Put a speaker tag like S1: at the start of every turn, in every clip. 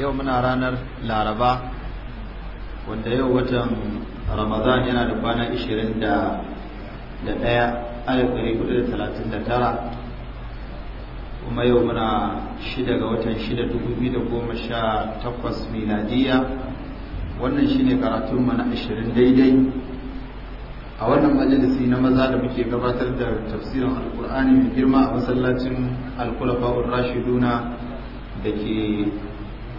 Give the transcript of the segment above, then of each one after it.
S1: yau muna ranar laraba wanda yau watan ramadan yana da kwana
S2: 21,439
S1: kuma yau muna shida ga watan 6,2018 miladiya wannan shi ne karatun na 20 daidai a wannan majalisi na maza da muke gabatar da tafsirin alkur'ani mai girma a masallacin alkulafa'ur rashiduna da ke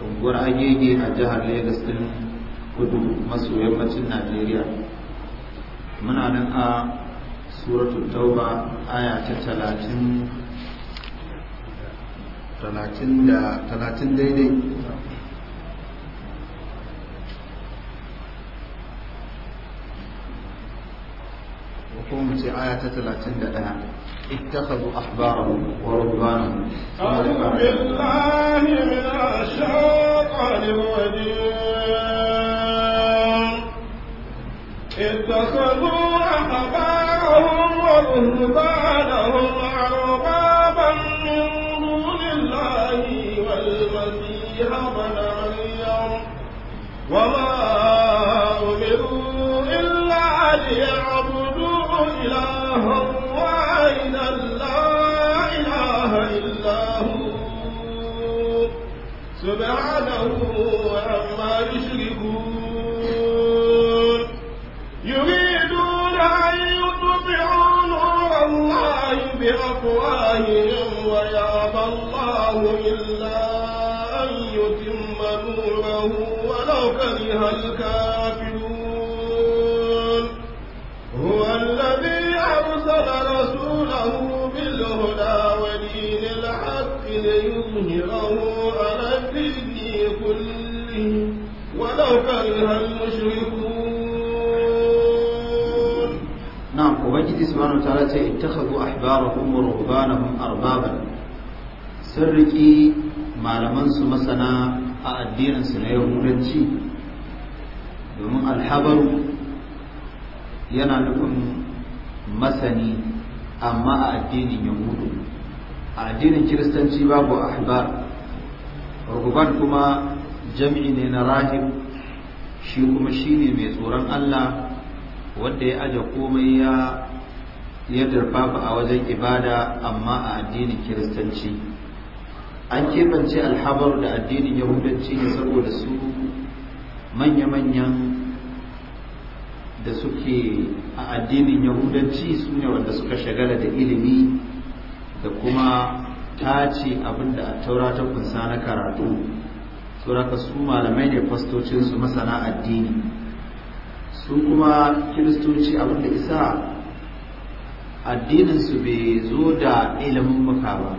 S1: unguwar agege a jihar Legas din kudu maso yammacin Najeriya muna nan a suratul tauba aya ta talatin daidai ko mu ce aya ta talatin da ɗaya اتخذوا أحبارهم ورهبانهم أعوذ
S3: بالله من الشيطان الرجيم اتخذوا أحبارهم ورهبانهم أربابا من دون الله والمسيح ابن مريم وما سبحانه عما يشركون يريدون أن يطفئوا نور الله بأفواههم ويأبى الله إلا أن يتم نوره ولو كره الكافرون هو الذي أرسل رسوله بالهدى أيها المشركون
S1: نعم kuma سبحانه na kuma أحبارهم ورهبانهم أربابا malaman su masana a addininsu na yahudanci domin alhabaru yana nufin masani amma a addinin yahudu a addinin kiristanci babu ahbar rukuban kuma jam'i ne na rahib shi kuma shi ne mai tsoron Allah wanda ya aje komai ya ya durfafa a wajen ibada amma a addinin kiristanci an kebance alhabar da addinin yahudanci ne saboda su manya-manyan da suke a addinin yahudanci su ne wanda suka shagala da ilimi da kuma ta ce abinda a taura ta kunsa na karatu sauraka su malamai ne fastocinsu masana addini su kuma kiristoci abinda isa addininsu bai zo da ilimin muka ba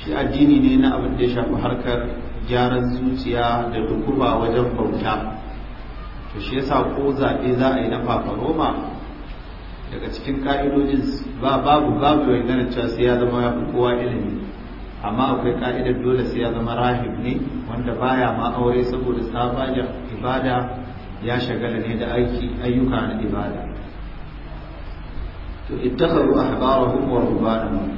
S1: shi addini ne na abin da ya shafi harkar gyaran zuciya da dukuba wajen bauta to shi yasa ko zaɓe za a yi na fafaroma daga cikin ka'idojin ba babu babu yana cewa sai ya zama ya fi kowa ilimi amma akwai ka'idar dole sai ya zama rahib ne wanda baya ma aure saboda da ibada ya shagala ne da aiki ayyuka na ibada to ittakhadhu ahbarahum wa rubbanahum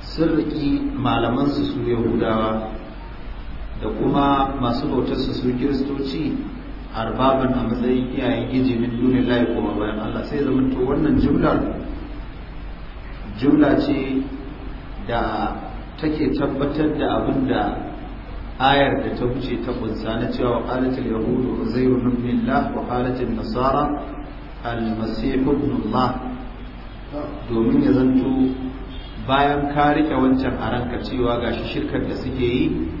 S1: sirriki malaman su su yahudawa da kuma masu bautar su su kiristoci arbaban a matsayin iyayen giji min dunin layi kuma bayan Allah sai zama to wannan jumlar jumla ce da take tabbatar da abin da ayar da ta wuce ta kunsa na cewa wa qalatil yahudu uzairu ibn Allah wa qalatil nasara al-masih ibn Allah domin ya zanto bayan ka rike wancan a cewa ga gashi shirkar da suke yi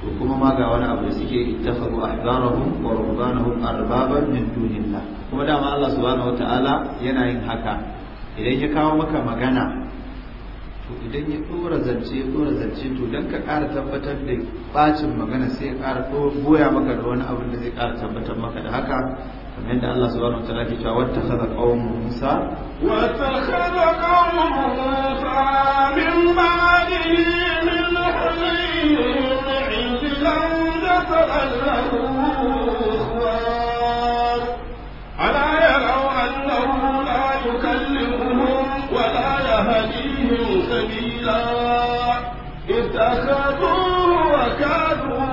S1: to kuma ma ga wani abu da suke ittafaqu ahbarahum wa rubbanahum arbaban min dunillah kuma dama Allah subhanahu wataala yana yin haka idan ya kawo maka magana to idan ya dora zance ya dora zance to dan ka ƙara tabbatar da bacin magana sai ya ƙara goya maka da wani abin da zai ƙara tabbatar maka da haka kamar yadda Allah subhanahu wataala ke cewa wattakhadha qaumu Musa
S3: wattakhadha qaumu Musa min ba'dihi min hulihim ألا يروا أنه لا يكلمهم ولا سبيلا اتخذوا وكانوا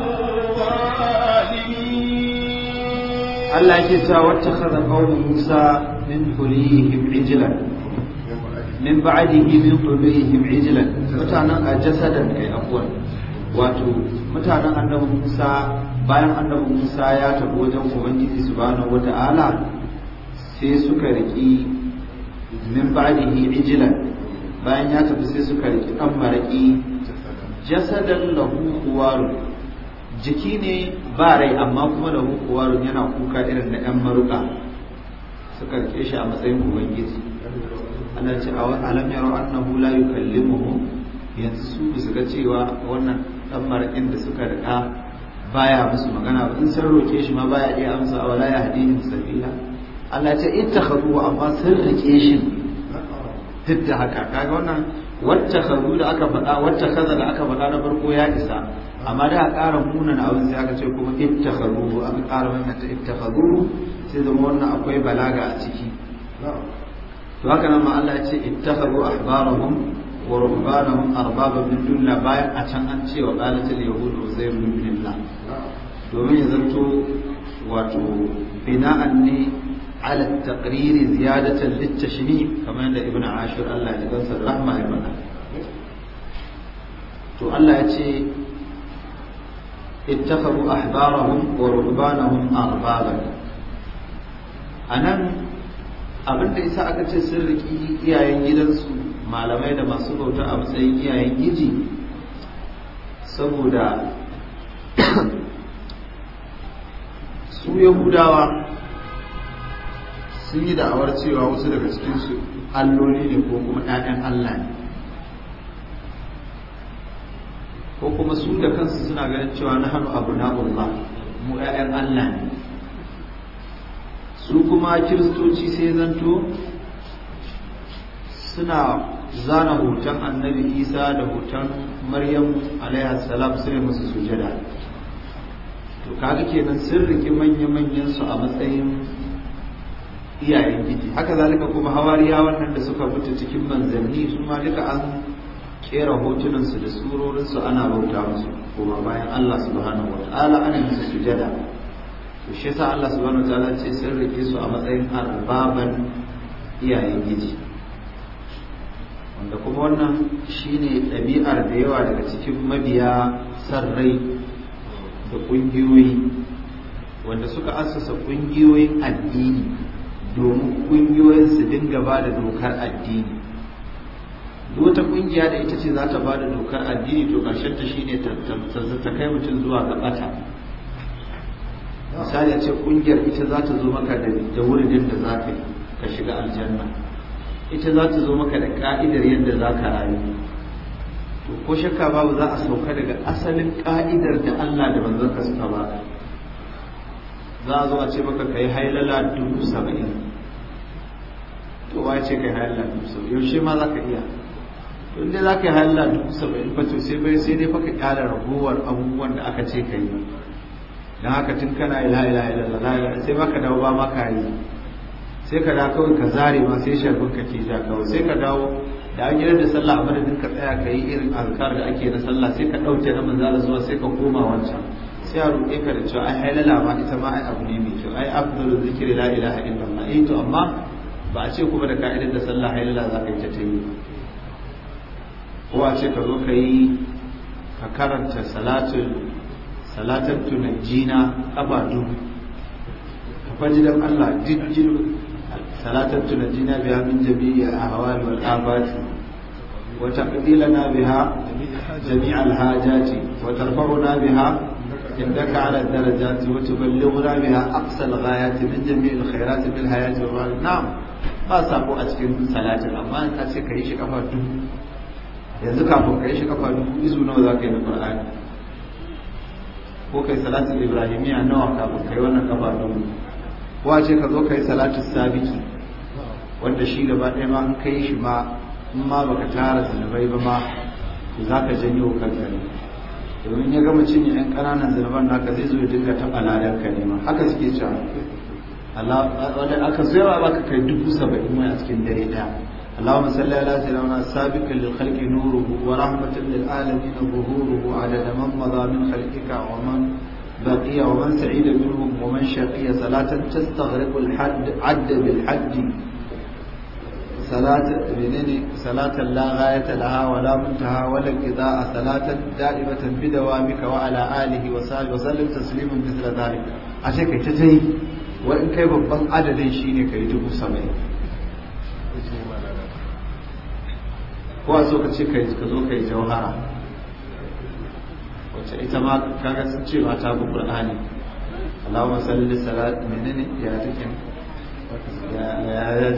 S3: ظالمين
S1: الله يجزى واتخذ قوم موسى من حليهم عجلا من بعده من طلوعهم عجلا متانا جسدا كي أقول واتو mutanen annabi موسى bayan annabi Musa ya tafi wajen Ubangiji subhanahu wata'ala sai suka riki min ba'dihi ijlan bayan ya tafi sai suka riƙi ɗan maraƙi jasadan lahu kuwarun jiki ne ba rai amma kuma lahu kuwarun yana kuka irin da ɗan maruka suka riƙe shi a matsayin ubangiji ana ce a alam yaro annahu la yukallimuhu yanzu su ga cewa wannan ɗan maraƙin da suka riƙa baya musu magana ba in sun roƙe shi ma baya iya amsa a wala ya hadihim sabila Allah ce ittakhadhu amma sun riƙe shi duk da haka kaga wannan wacce kazu da aka faɗa wacce kaza da aka faɗa na farko ya isa amma da ƙara munan abin sai aka ce kuma ibtakharu an ƙara wannan ta ibtakharu sai zama wannan akwai balaga a ciki to haka nan ma Allah ya ce ibtakharu ahbarahum wa ruhbanahum arbaba min dunillah bayan a can an ce wa qalatul yahudu zai min dunillah domin ya zanto wato bina'an ne ala taqriri ziyadatan littashmi kamar da ibnu ashur Allah ya gansa rahma ya to Allah ya ce ittakhadhu ahbarahum wa rubbanahum arbaban anan abinda isa aka ce sun riki iyayen gidansu malamai da masu bauta a matsayin iyayen giji saboda su yahudawa sun yi da'awar cewa wasu daga cikinsu alloli ne ko kuma 'ya'yan Allah ne ko kuma su da kansu suna ganin cewa na hannu abu na Allah mu 'ya'yan Allah ne su kuma kiristoci sai zanto suna zana hoton annabi isa da hoton maryam salam sai musu sujada to kaga kenan sun rike manya manyansu a matsayin iyayen giji haka zalika kuma hawariya wannan da suka mutu cikin manzanni su ma duka an kera hotunansu da su ana bauta musu kuma bayan Allah subhanahu wa ta'ala ana musu sujada to shi yasa Allah subhanahu wa ta'ala ce sun rike su a matsayin arbaban iyayen giji wanda kuma wannan shine dabi'ar da yawa daga cikin mabiya sarrai da ƙungiyoyi wanda suka assasa ƙungiyoyin addini domin ƙungiyoyin su dinga ba da dokar addini wata ƙungiya da ita ce za ta ba da dokar addini to ƙarshen ta shine ta kai mutum zuwa ga bata misali a ce ƙungiyar ita za ta zo maka da wuridin da za ka ka shiga aljanna ita za ta zo maka da ka'idar yadda za ka rayu to ko shakka babu za a sauka daga asalin ƙa'idar da Allah da manzon ka suka ba za a zo a ce maka kai hailala dubu saba'in to wa ce kai hailala dubu saba'in yaushe ma za ka iya to inda za ka yi hailala dubu saba'in ba to sai bai sai dai baka kyara ragowar abubuwan da aka ce ka yi don haka tun kana ila ila ila ila sai baka dawo ba maka yi sai ka dawo kawai ka zare ma sai shafin ka ke ja kawai sai ka dawo da an gidan da sallah a madadin ka tsaya ka yi irin alkar da ake na sallah sai ka ɗauke na manzala zuwa sai ka koma wancan sai a roƙe ka da cewa ai halala ma ita ma ai abu ne mai kyau ai Abdul zikri la ilaha illallah eh to amma ba a ce kuma da ka'idar da sallah halala za ka yi ta tayi ko a ce ka zo ka yi ka karanta salatul salatar tunajjina kafa dubu ka faji dan Allah dijjilu salatar tunajjina biya min jami'i ahwal wal abati وتقضي لنا بها جميع الحاجات وترفعنا بها إنك على الدرجات وتبلغنا بها أقصى الغايات من جميع الخيرات في الحياة والمال نعم ba sako a cikin salatin amma na ce ka yi shi kafa dubu yanzu kafin ka yi shi kafa dubu izu nawa za ka yi na qur'ani ko kai salatin ibrahimiya nawa kafin ka wannan kafa dubu ko a ce ka zo ka yi salatin sabiki wanda shi gaba ɗaya ma in ka yi shi ma in baka tara zunubai ba ma zaka janyo kanka domin ya gama cinye yan ƙananan zunuban naka zai zo ya dinga taɓa ladar ka nema haka suke cewa Allah aka zo yawa baka kai dubu saba'in wani a cikin dare ɗaya اللهم صل على سيدنا سابقا للخلق نوره ورحمة للعالمين ظهوره عدد من مضى من خلقك ومن بقي ومن سعيد منهم ومن شقي صلاة تستغرق الحد عد بالحد salatan la ghayata laha wa la muntaha wa la qidaa salatan da'imatan bi dawamika wa ala alihi wa sahbihi wa sallim tasliman mithla dhalik ashe kai ta tai wa kai babban adadin shine kai dubu 70 ko a so ka ka zo kai jauhara ita ma kaga sun ce ma ta bi qur'ani Allahumma salli salat menene ya take ya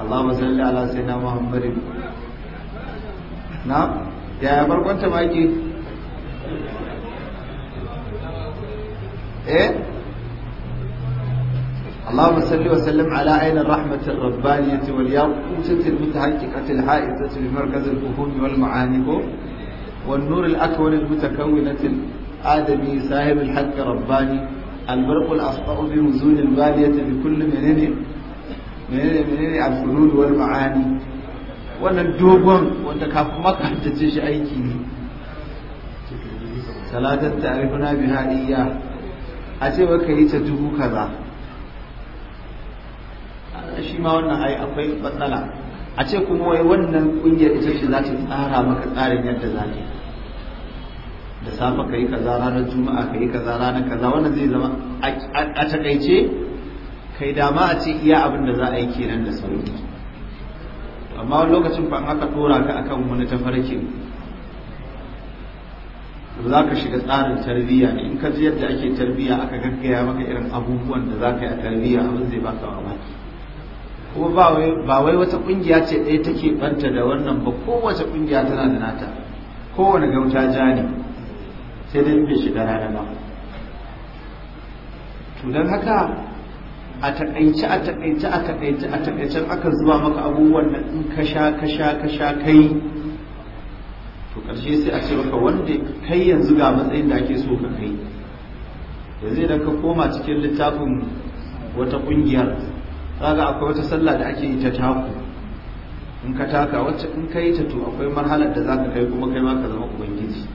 S2: Allah masalli ala
S1: sai na Muhammadin. Na? Yaya farkon tamaki? Eh? Allah masalli wa sallim ala ainihin rahmatin rabbani ya ce waliya kusantar mutu haƙiƙatar ha'in ta tuli markazin kuhumi wal ma'ani ko? والنور الأكون المتكونة الآدمي صاحب الحق رباني البرق الأصفأ بنزول البادية بكل منين menene menene al-hulul ma'ani wannan dogon wanda kafin maka haddace shi aiki ne salatar ta'rifuna bi hadiya a ce baka yi ta dubu kaza shi ma wannan ai akwai matsala a ce kuma wai wannan ƙungiyar ita ce za ta tsara maka tsarin yadda za ka da safe ka yi kaza ranar juma'a ka yi kaza ranar kaza wannan zai zama a takaice kai da ma a ce iya abin da za a yi kenan da sauki amma wani lokacin ba aka dora ka akan wani tafarkin za ka shiga tsarin tarbiyya ne in ka ji yadda ake tarbiyya aka gaggaya maka irin abubuwan da za ka yi a tarbiyya abin zai baka mamaki kuma ba wai wata kungiya ce ɗaya take banta da wannan ba kowace kungiya tana da nata kowane gauta ja ne sai dai bai shiga rana ba to don haka a taƙaice a a takaice a aka zuba maka abubuwan da in ka sha ka sha ka sha kai to ƙarshe sai a ce maka wanda kai yanzu ga matsayin da ake so ka kai zai da ka koma cikin littafin wata kungiyar ga akwai wata sallah da ake yi ta taku in ka taka wacce in ka yi ta to akwai marhalar da za ka kai kuma kai ma ka zama ubangiji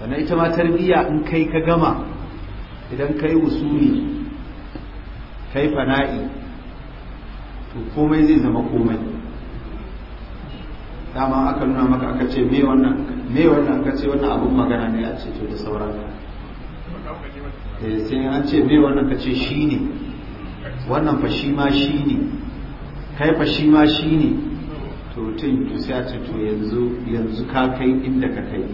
S1: sannan ita ma tarbiyya in kai ka gama idan ka yi usuli kai fana'i to komai zai zama komai dama aka nuna maka aka ce me wannan me wannan aka ce wannan abun magana ne a ce to da sauran eh sai an ce me wannan ka ce shine wannan fa shi ma shine kai fa shi ma shine to tun to sai a ce to yanzu yanzu ka kai inda ka kai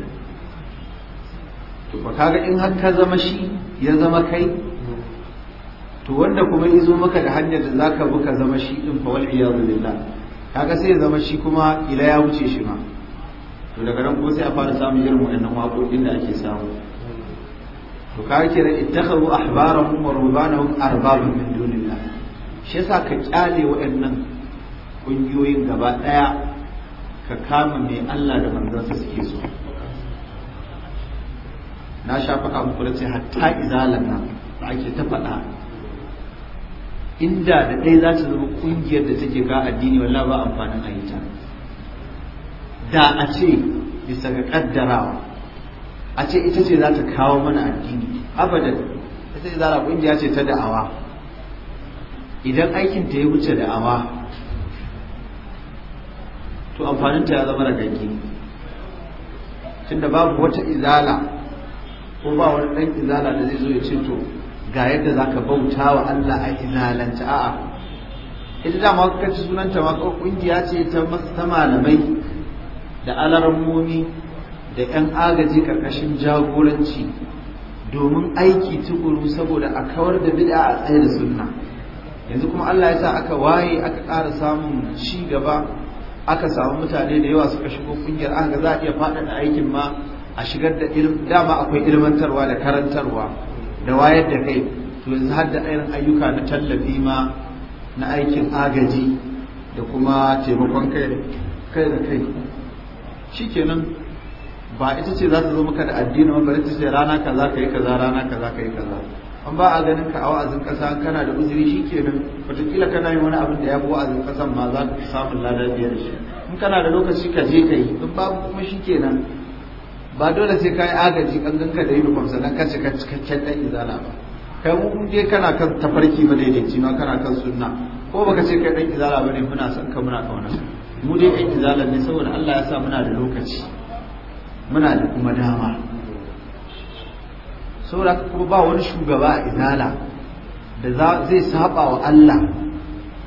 S1: to fa kaga in har ka zama shi ya zama kai to wanda kuma ya zo maka da hanyar da zaka ka zama shi din fa wal iyadu billah kaga sai ya zama shi kuma ila ya wuce shi ma to daga nan kuma sai a fara samun irin waɗannan waƙoƙin da ake samu to ka kira ittakhadhu ahbarahum wa rubanahum arbab min dunillah shi yasa ka kyale waɗannan kungiyoyin gaba ɗaya ka kama mai Allah da manzansa suke so na shafa kamar kula ce hatta izalana da ake ta faɗa inda da ɗaya za ta zama ƙungiyar da take ka addini wallahi ba amfanin ayyuta da a ce bisa ga ƙaddarawa a ce ita ce za ta kawo mana addini abadan ita ce ta ƙungiya ce ta da'awa idan aikin ta ya wuce da'awa to amfaninta ya zama ragagge tunda babu wata izala ko ba wani ɗan izala da zai zo ya ce to ga yadda za ka bauta wa Allah a ilalanta a'a ita dama ka ci sunanta ma kungiya ce ta malamai da alarmomi da 'yan agaji karkashin jagoranci domin aiki tukuru saboda a kawar da bid'a a tsaye da sunna yanzu kuma Allah ya sa aka waye aka ƙara samun ci gaba aka samu mutane da yawa suka shigo kungiyar aka za a iya faɗaɗa aikin ma a shigar da dama akwai ilmantarwa da karantarwa da wayar da kai to yanzu har da irin ayyuka na tallafi ma na aikin agaji da kuma taimakon kai da kai shikenan ba ita ce za ta zo maka da addini ba ita ce rana kaza ka yi kaza rana kaza ka yi kaza an ba a ganin ka a wa'azin ƙasa kana da uzuri shikenan wataƙila kana yin wani abin da ya fi wa'azin ƙasan ma za ka samun lada biyar shi in kana da lokaci ka je ka yi in babu kuma shikenan ba dole sai ka yi agaji ganka da uniform sannan ka cika cikakken ɗan izala ba kai mu je kana kan tafarki ba daidaici ma kana kan sunna ko baka ce kai ɗan izala ba ne muna son ka muna kauna mu dai ɗan izala ne saboda Allah ya sa muna da lokaci muna da kuma dama saboda kuma ba wani shugaba a izala da zai saba wa Allah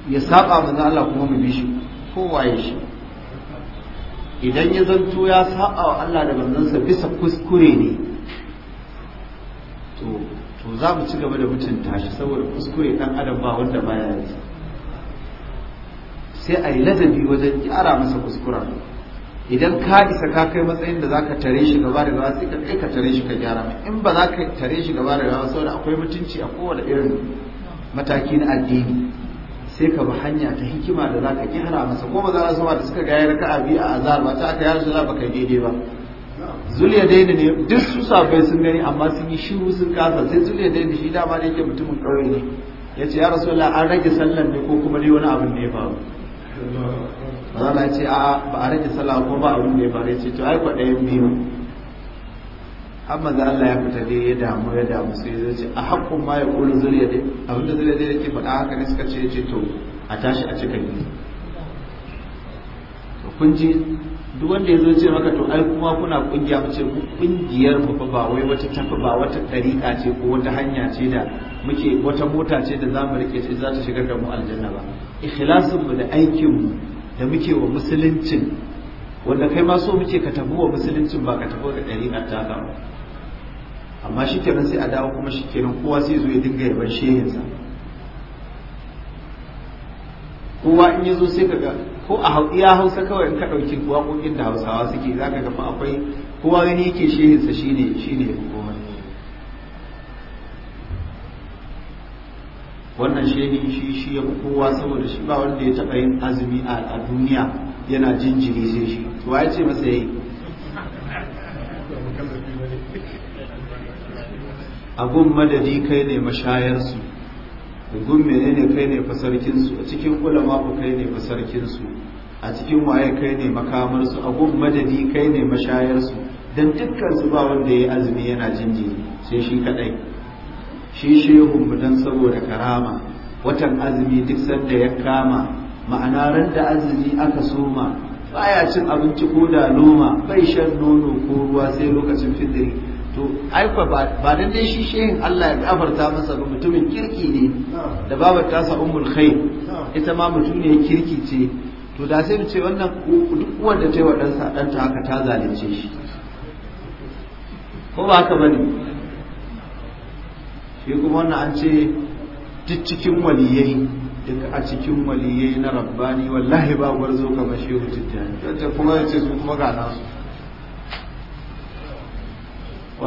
S1: ya saba manzo Allah kuma mu bi shi kowa ya shi idan ya zanto ya saba wa Allah da manzansa bisa kuskure ne to za mu ci gaba da mutunta shi saboda kuskure dan adam ba wanda baya yi sai a yi ladabi wajen gyara masa kuskura. idan ka isa ka kai matsayin da zaka tare shi gaba da gaba sai ka kai ka tare shi ka gyara mai in ba za ka tare shi gaba da gaba saboda akwai mutunci a kowane irin mataki na addini sai ka bi hanya ta hikima da za ka kyara masa ko su ba da suka gaya raka a biyu a azar ba ta aka yarda za ba kai daidai ba zuliya dai-dai ne duk su safai sun gani amma sun yi shiru sun kasa sai zuliya daina shi dama da yake mutumin ƙauye ne ya ce ya rasulullah an rage sallan ne ko kuma dai wani abin da ya faru ba za a ce a ba a rage sallah ko ba abin da ya faru ya ce to ai kwaɗayin biyu amma Allah ya fita dai ya damu ya damu sai zai ce a haƙƙun ma ya ƙulu zuriya dai abinda zuriya dai yake faɗa haka ne suka ce ya ce to a tashi a cika gizo to kun ji duk wanda ya zo ce maka to ai kuma kuna kungiya mu ce kungiyar mu fa ba wai wata tafi ba wata tariƙa ce ko wata hanya ce da muke wata mota ce da zamu rike ce za ta shigar da mu aljanna ba ikhlasin mu da aikin mu da muke wa musuluncin wanda kai ma so muke ka tafi wa musuluncin ba ka tafi da tariƙar ta ba amma shi kenan sai a dawo kuma shi kenan kowa sai zo ya dinga yaban shehinsa kowa in yazo sai kaga ko a iya hausa kawai in ka ɗauki waƙoƙin da hausawa suke za ka gama akwai kowa gani yake shehinsa shine shine kowa wannan shehin shi shi ya fi kowa saboda shi ba wanda ya taɓa yin azumi a duniya yana jinjiri sai shi to ya ce masa yayi a gun madadi kai ne mashayarsu a gun menene kai ne fasarkinsu a cikin ulama ku kai ne fasarkinsu a cikin waye kai ne makamarsu a gun madadi kai ne mashayarsu don dukkan su ba wanda ya azumi yana jinjiri sai shi kadai shi yi don saboda karama watan azumi duk sanda ya kama ma'ana ran da azumi aka soma baya cin abinci ko da noma bai shan nono ko ruwa sai lokacin fitiri to aikwa ba da dai shi shehin Allah ya gafarta masa ba mutumin kirki ne da babar sa ummul khair ita ma mutuniyar kirki ce to da sai mu ce wannan duk wanda ta yi wa ɗansa ɗanta haka ta zalunce shi ko ba haka bane shi kuma wannan an ce duk cikin waliyai duk a cikin waliyai na rabbani wallahi ba gwarzo kamar shehu tijjani kuma ya ce su kuma ga nasu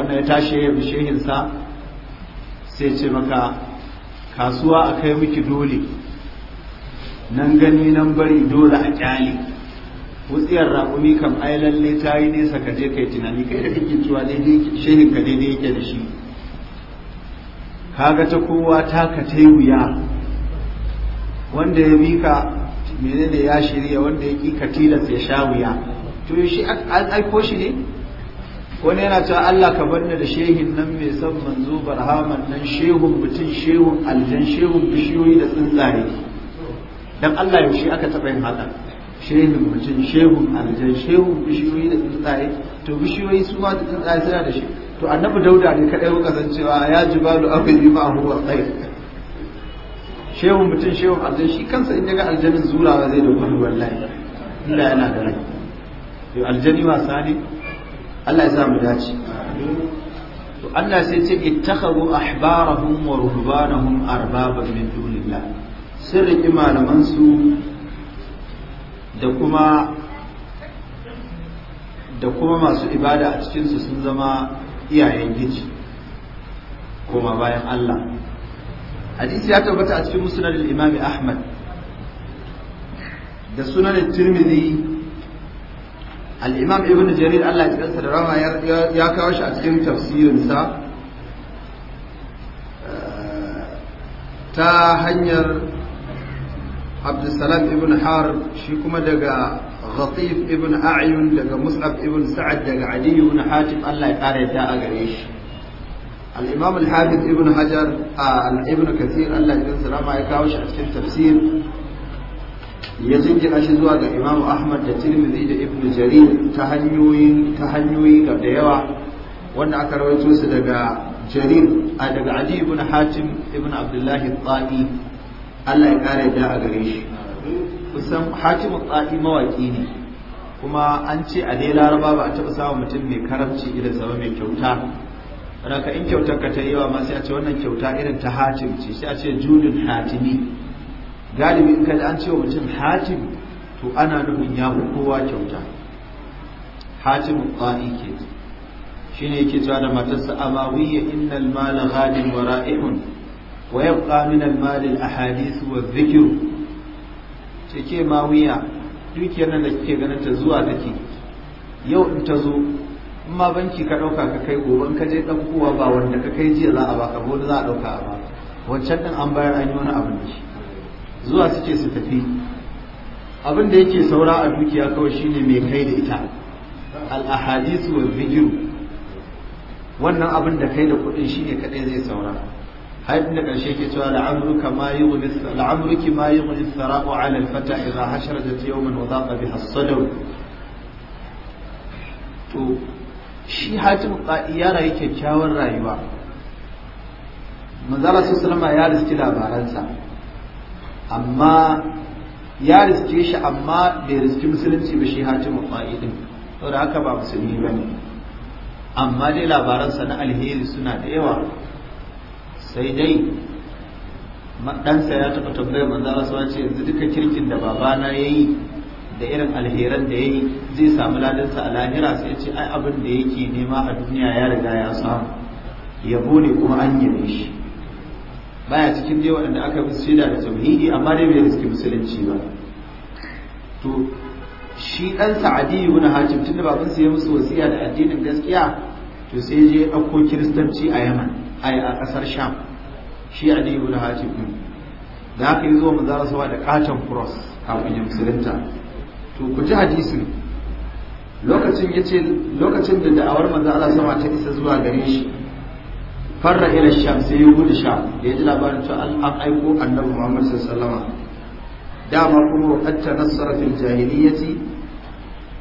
S1: wanda ya tashi ya bi shehinsa sai ce maka kasuwa a kai miki dole nan gani nan bari dole a kyale wutsiyar raƙumi kam ai lalle ta yi nesa ka je kai tunani kai da kake cewa shehin ka daidai yake da shi kaga ta kowa ta ka ta wuya wanda ya mika menene ya shirya wanda ya ki ka tilas ya sha wuya to shi an aiko shi ne wani yana cewa Allah ka banni da shehin nan mai san manzo barhaman nan shehun mutum shehun aljan shehun bishiyoyi da tsuntsaye dan Allah yaushe aka taɓa yin haka shehun mutum shehun aljan shehun bishiyoyi da tsuntsaye to bishiyoyi su ma da tsuntsaye suna da shi to annabi dauda ne kadai kuka san cewa ya jibalu bi ma huwa tsaye shehun mutum shehun aljan shi kansa in daga aljanin zurawa zai dogara wallahi illa yana da rai to aljani wasani Allah ya sa mu dace to Allah sai ce ittakhadhu ahbarahum wa ruhbanahum arbaban min dunillah sun riƙi su da kuma da kuma masu ibada a cikinsu sun zama iyayen giji koma bayan Allah hadisi ya tabbata a cikin musnad al-imam Ahmad da sunan tirmidhi al ibn jarir Allah ya kansa da rama ya kawo shi a cikin tafsirinsa eh, ta hanyar abdussalam ibn har shi kuma daga ghatif ibn a'yun daga mus'ab ibn sa'ad daga adi ibn hatim Allah ya kare ta a gare shi al-imam al-hafiz ibn hajar al-ibn ah, kathir Allah ya kansa rama ya ya jingina shi zuwa ga imamu ahmad da tirmidhi da ibn jarir ta hanyoyin ta hanyoyi da yawa wanda aka rawaito su daga jarir a daga ali ibn hatim ibn abdullah al-tani Allah ya kare da a gare shi kusan hatim al-tani mawaki ne kuma an ce a dai laraba ba a taɓa samu mutum mai karamci irin sa mai kyauta raka in kyautar ka ta yi yawa ma sai a ce wannan kyauta irin ta hatim ce sai a ce junin hatimi galibi in kaji an ce wa mutum hatim to ana nufin ya fi kowa kyauta hatim tsani ke shine yake cewa da matarsa amawiyya innal mal ghadin wa ra'ihun wa yabqa min al mal al ahadith wa dhikr take mawiya dukiyar nan da kike ganin ta zuwa take yau in ta zo in ma banki ka ɗauka ka kai gobe ka je ɗaukowa ba wanda ka kai jiya za a baka ko za a ɗauka ba. wancan ɗin an bayar an yi wani abin da zuwa suke su tafi abin da yake saura a dukiya kawai shine mai kai da ita al-ahadisu wa zikiru wannan abin da kai da kuɗin shine kadai zai saura har da ƙarshe ke cewa la'amruka ma yughni la'amruki ma yughni sara'u 'ala al-fata idha hasharajat yawman wa dhaqa biha as-sadr to shi hatim qa'iyara yake kyawun rayuwa manzala sallallahu alaihi wasallam ya riski labaransa amma ya riske shi amma bai riske musulunci ba shi hatimu fa'idin da haka ba musulmi ba ne amma dai labaransa na alheri suna da yawa sai dai ɗansa ya taɓa tambayar manzo Allah sallallahu ce yanzu duka kirkin da babana yayi da irin alheran da yayi zai samu sa a lahira sai ce ai abin da yake nema a duniya ya riga ya samu yabo ne kuma an yi shi baya cikin dai waɗanda aka fi shaida da tauhidi amma dai bai riski musulunci ba to shi dan sa'adi ibn hajim tunda ba sa sai musu wasiya da addinin gaskiya to sai je ɗauko kiristanci a yaman ai a ƙasar sham shi ali ibn hajim din da haka zuwa mu zara da ƙaton cross kafin ya musulunta to ku ji hadisin lokacin yace lokacin da da'awar manzo Allah sama ta isa zuwa gare shi farra ila sham sai ya gudu sham da ya ji labarin cewa an aiko annabi muhammad wasallam dama kuma wakatta nasara fil jahiliyyati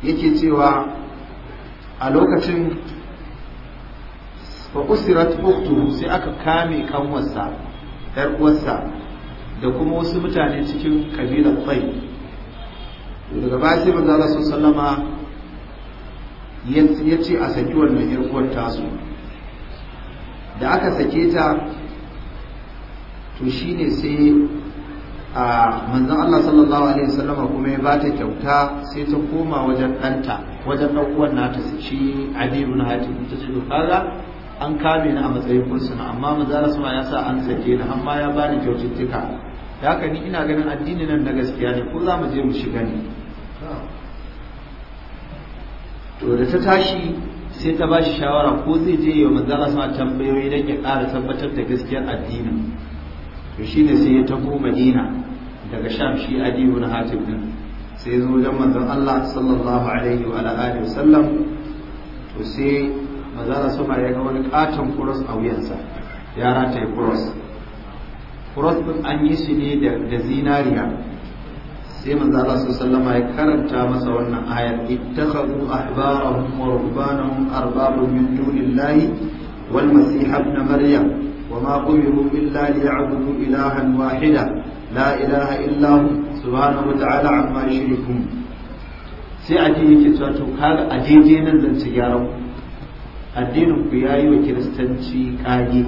S1: yake cewa a lokacin fa usirat uktuhu sai aka kame kanwarsa yar uwarsa da kuma wasu mutane cikin kabilar bai daga ba sai manzo Allah sallama ya ce a saki wannan ƴar uwar tasu da aka sake ta to shine sai a manzan Allah sallallahu alaihi wasallama kuma ya bata kyauta sai ta koma wajen ɗanta wajen ɗaukuwan uwan nata ci adiru na hati ta ce kaga an kame ni a matsayin kursuna amma mazara suna ya sa an sake ni amma ya bani kyaututtuka da haka ni ina ganin addini nan na gaskiya ne ko za mu je mu shiga ne to da ta tashi sai ta ba shi shawara ko zai je yi wa manzala sama tambayoyi don ya ƙara tabbatar da gaskiyar addini to shi ne sai ya taho madina daga sham shi adiyu na hatim din sai zo wajen manzan allah sallallahu alaihi wa alihi wa sallam to sai manzala sama ya ga wani katon kuros a wuyansa ya rataye kuros kuros din an yi su ne da zinariya sai manzo Allah sallallahu alaihi ya karanta masa wannan aya ittakhadhu ahbarahum wa rubbanahum arbabun min dunillahi wal masih ibn maryam وما illa liya'budu ilahan wahida la ilaha illa hu subhanahu wa ta'ala amma يشركون sai addini ke cewa to kaga a daidai nan zan ci gyaran addinin ku yayi wa kiristanci kage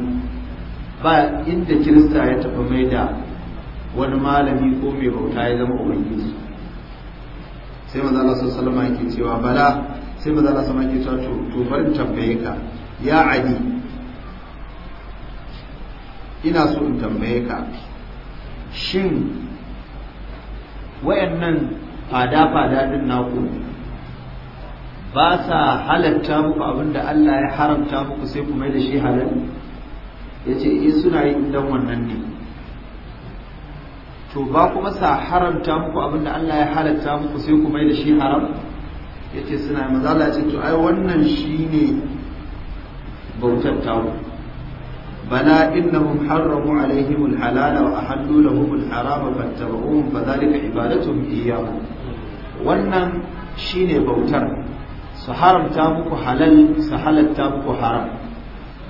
S1: ba inda kirista ya tafi mai da wani malami ko mai bauta ya zama ubangiji sai maza Allah sallallahu alaihi yake cewa bala sai maza Allah sallallahu alaihi yake cewa to bari tambaye ka ya ali ina so in tambaye ka
S3: shin
S1: wayannan fada-fada din naku ba sa halatta muku abinda Allah ya haramta muku sai ku mai da shi halal ya ce in eh, suna yin dan wannan ne to ba kuma sa haramta muku abin da Allah ya halatta muku sai ku mai da shi haram yace suna maza Allah ce to ai wannan ne bautar tawo bala innahum harramu alaihim alhalala wa ahallu lahum alharama fattabu'uhum fadhalika ibadatuhum iyyahum wannan shine bautar su haramta muku halal su halatta muku haram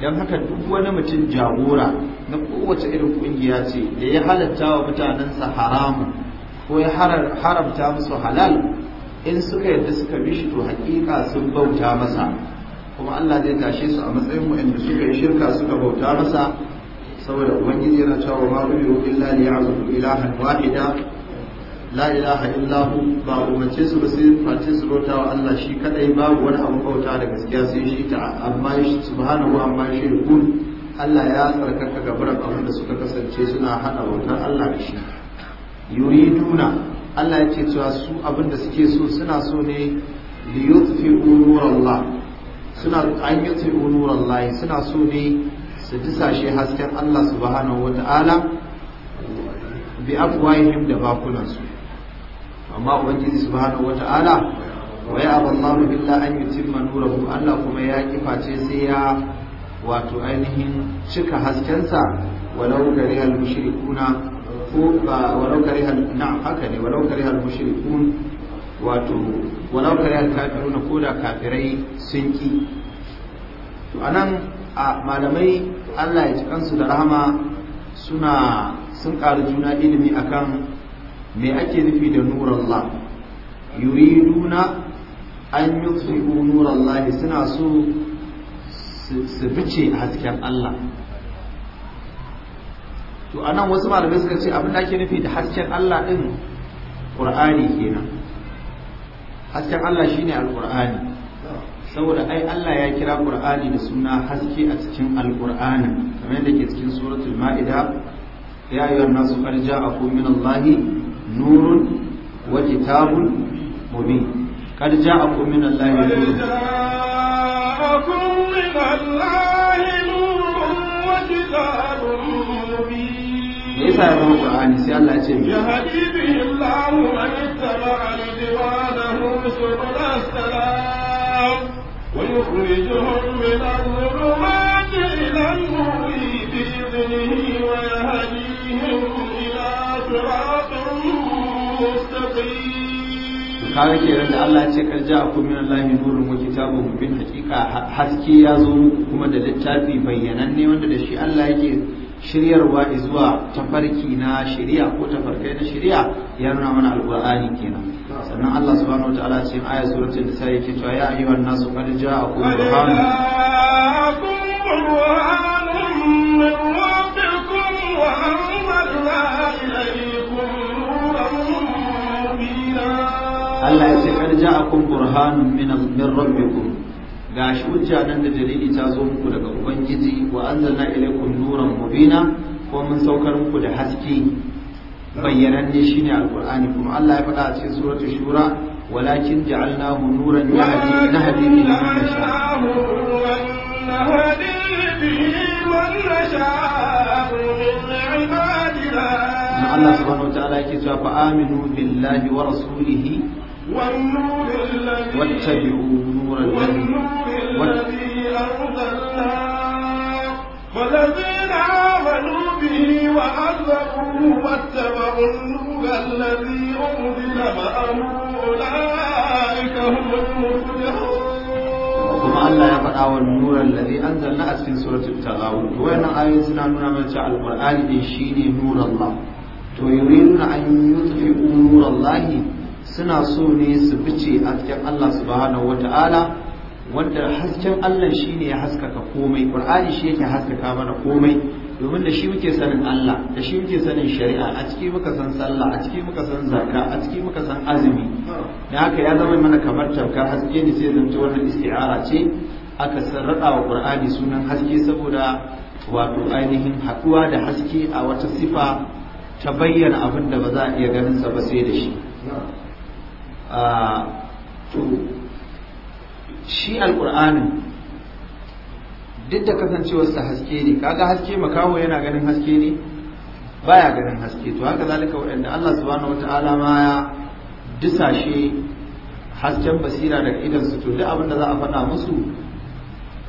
S1: don haka duk wani mutum jagora na kowace irin kungiya ce da ya halatta wa mutanensa haramu ko ya haramta musu halal in suka yadda suka bi shi to hakika sun bauta masa kuma Allah zai tashe su a matsayin waɗanda suka yi shirka suka bauta masa saboda ubangiji yana cewa ma umiru illa liya'budu ilahan wahida la ilaha illahu ba umarce su ba sai face su bauta wa Allah shi kadai babu wani abu bauta da gaskiya sai shi ta amma subhanahu amma shi kun Allah ya tsarkaka gaburan abin da suka kasance suna hada bautar Allah da shi yuriduna Allah ya ce cewa su abin da suke so suna so ne li yutfi'u nurallah suna an yutfi'u nurallah suna so ne su disashe hasken Allah subhanahu ta'ala bi afwahihim da bakunansu amma ubangiji subhanahu wata'ala wa ya aballahu illa an yutimma nurahu Allah kuma ya kiface sai ya wato ainihin cika haskensa walau gari al mushrikuna ko walau gari al na haka ne walau gari al mushrikun wato walau gari al kafiruna ko da kafirai sun ki to anan a malamai Allah ya ci kansu da rahama suna sun ƙara juna ilimi akan me ake nufi da nurallah yuriduna an yutfi'u nurallah suna so su bice hasken Allah to anan wasu malamai suka ce abin da ake nufi da hasken Allah din Qur'ani kenan hasken Allah shine alqur'ani saboda ai Allah ya kira Qur'ani da suna haske a cikin alqur'anin kamar yadda ke cikin suratul ma'ida ya ayyuhan nasu qad ja'akum min Allahi nurun wa kitabun mubin kad ja'akum min Allahi nurun
S3: ja'akum min Allahi nurun yasa ya al Qur'ani sai Allah ce yahdi bihi Allahu man مستقيم kawai kenan da Allah
S1: ce kar ja ku min Allah nurun wa kitabun mubin hakika haske ya zo muku kuma da littafi bayyananne wanda da shi Allah yake shiryarwa zuwa tafarki na shiriya ko tafarkai na shiriya ya nuna mana alqur'ani kenan sannan Allah subhanahu wataala cikin aya suratul nisa yake to ya ayyuhan nasu qad
S3: ja'akum burhanun ja'akum burhanun min rabbikum wa Allah ya ce a
S1: ja'akum burhanun min min rabbikum gashi hujja nan da dalili ta zo muku daga ubangiji wa anzalna ilaykum nuran mubina ko mun saukar muku da haske bayyananne shine alqur'ani kuma Allah ya faɗa a cikin suratul shura walakin ja'alnahu nuran yahdi nahdi bihi
S3: man nasha Allah subhanahu
S1: wa ta'ala yake cewa fa aminu billahi wa rasulihi واتبعوا
S3: نور والذين آمنوا به وعذبوه واتبعوا النور الذي أنزل معه أولئك هم المفلحون Allah ya
S1: faɗa wa nuran ladhi anzalna a cikin suratul tagawun to wannan ayoyi suna nuna mana cewa alqur'ani din shine nuran Allah to yuriduna an yutfi'u nuran Allah suna so ne su fice hasken Allah subhanahu wata'ala wanda hasken Allah shine ya haskaka komai Qur'ani shi yake haskaka mana komai domin da shi muke sanin Allah da shi muke sanin shari'a a ciki muka san sallah a ciki muka san zakka a ciki muka san azumi da haka ya zama mana kamar tafka haske ne sai zanto wannan isti'ara ce aka sarrada wa Qur'ani sunan haske saboda wato ainihin haɗuwa da haske a wata sifa ta bayyana abin da ba za a iya ganin sa ba sai da shi to shi alƙur'anin duk da kasancewarsa haske ne kaga haske makaho yana ganin haske ne baya ganin haske to haka zalika waɗanda Allah subhanahu wata'ala ma ya dusashe hasken basira daga idan su to duk abin da za a faɗa musu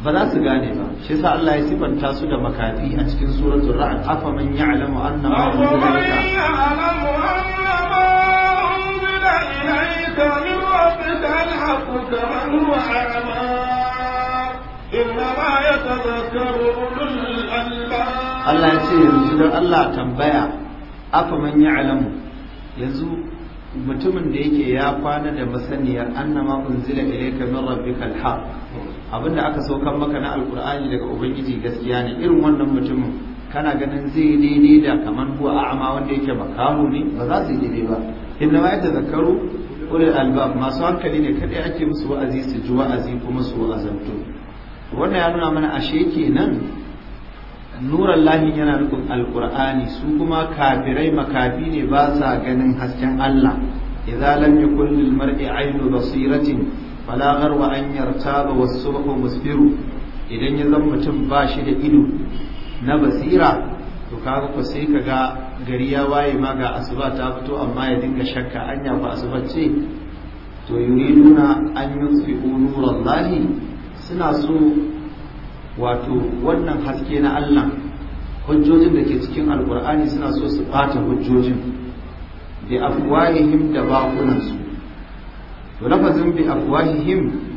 S1: ba za su gane ba shi yasa Allah ya sifanta su da makafi a cikin suratul ra'd afa man ya'lamu annama
S3: إليك من ربك الحق كمن هو أعمى إنما يتذكر أولو الألباب Allah ya ce yanzu don
S1: Allah tambaya afa man ya yanzu mutumin da yake ya kwana da masaniyar annama unzila ilayka min rabbikal haqq abinda aka saukar maka na alqur'ani daga ubangiji gaskiya ne irin wannan mutumin kana ganin zai daidai da kuwa? huwa a'ama wanda yake makaho ne ba za su yi daidai ba inna ma yadda zakaru ƙulil albab masu hankali ne kadai ake musu wa'azi su ji wa'azi kuma su wa'azanto wannan ya nuna mana ashe kenan nuran lahin yana nufin alƙur'ani su kuma kafirai makafi ne ba sa ganin hasken Allah idza lam yakul lil mar'i aynu basiratin fala gharwa an yartaba was musfiru idan ya zama mutum ba shi da ido na basira to kaga ko sai kaga gari ya waye ma ga asuba ta fito amma ya dinga shakka anya ba asuba ce to yuriduna an yutfi'u nurallahi suna so wato wannan haske na Allah hujjojin da ke cikin alkur'ani suna so su fata hujjojin bi afwahihim da bakunansu to lafazin bi afwahihim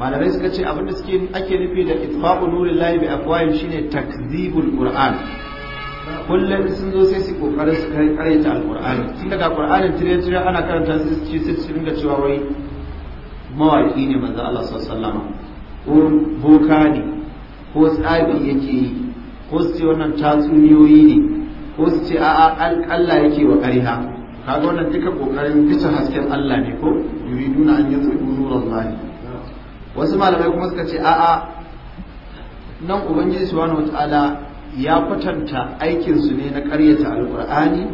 S1: malamai suka ce abinda suke ake nufi da itfaqu nurin layi bi afwahim shine takzibul qur'an kullum sun zo sai su kokarin su karyata alqur'ani sun daga qur'anin tire tire ana karanta su ci su ci dinga cewa wai mawaki ne manzo Allah sallallahu alaihi ko boka ne ko tsabi yake yi ko su ce wannan tatsuniyoyi ne ko su ce a'a Allah yake wa kariha kaga wannan duka kokarin bisa hasken Allah ne ko nuna an yatsu nurul lahi wasu malamai kuma suka ce a'a nan ubangiji subhanahu wataala ya kwatanta aikin su ne na karyata alkur'ani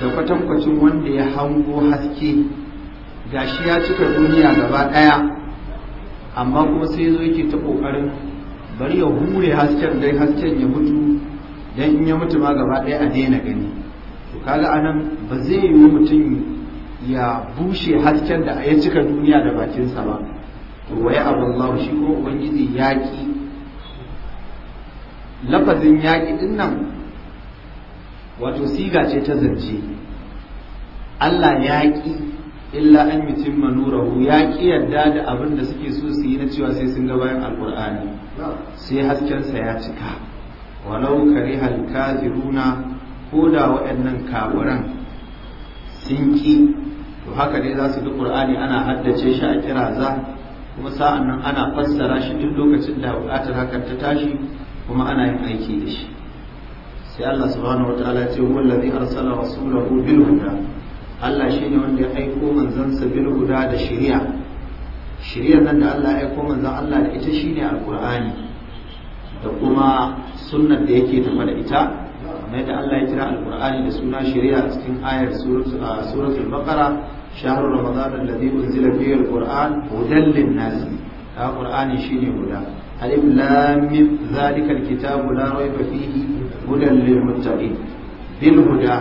S1: da kwatankwacin wanda ya hango haske shi ya cika duniya gaba ɗaya amma kuma sai zo yake ta ƙoƙarin bari ya hure hasken dai hasken ya mutu dan in ya mutu ma gaba ɗaya a daina gani to kaga anan ba zai yi mutum ya bushe hasken da ya cika duniya da bakinsa ba to waya abu shi ko ubangiji ya lafazin yaƙi din nan wato siga ce ta zance Allah yaƙi illa an mutum manurahu ya ƙi yarda da abin da suke so su yi na cewa sai sun ga bayan alƙur'ani sai haskensa ya cika walau kare halkaziruna ko da waɗannan kafiran sun ƙi to haka dai za su ga ƙur'ani ana haddace shi a kira za kuma sa'an nan ana fassara shi duk lokacin da buƙatar hakan ta tashi kuma ana yin aiki da shi sai Allah subhanahu wa ta'ala ce huwa allazi arsala rasulahu bil huda Allah shine wanda ya aiko sa bil huda da shari'a shari'ar nan da Allah ya aiko manzan Allah da ita shine alqur'ani da kuma sunnar da yake tafa da ita kamar yadda Allah ya kira alqur'ani da suna shari'a cikin ayar suratul baqara شهر رمضان الذي أنزل فيه القرآن هدى للناس القرآن شيني هدى ألف لام ذلك الكتاب لا ريب فيه هدى للمتقين بالهدى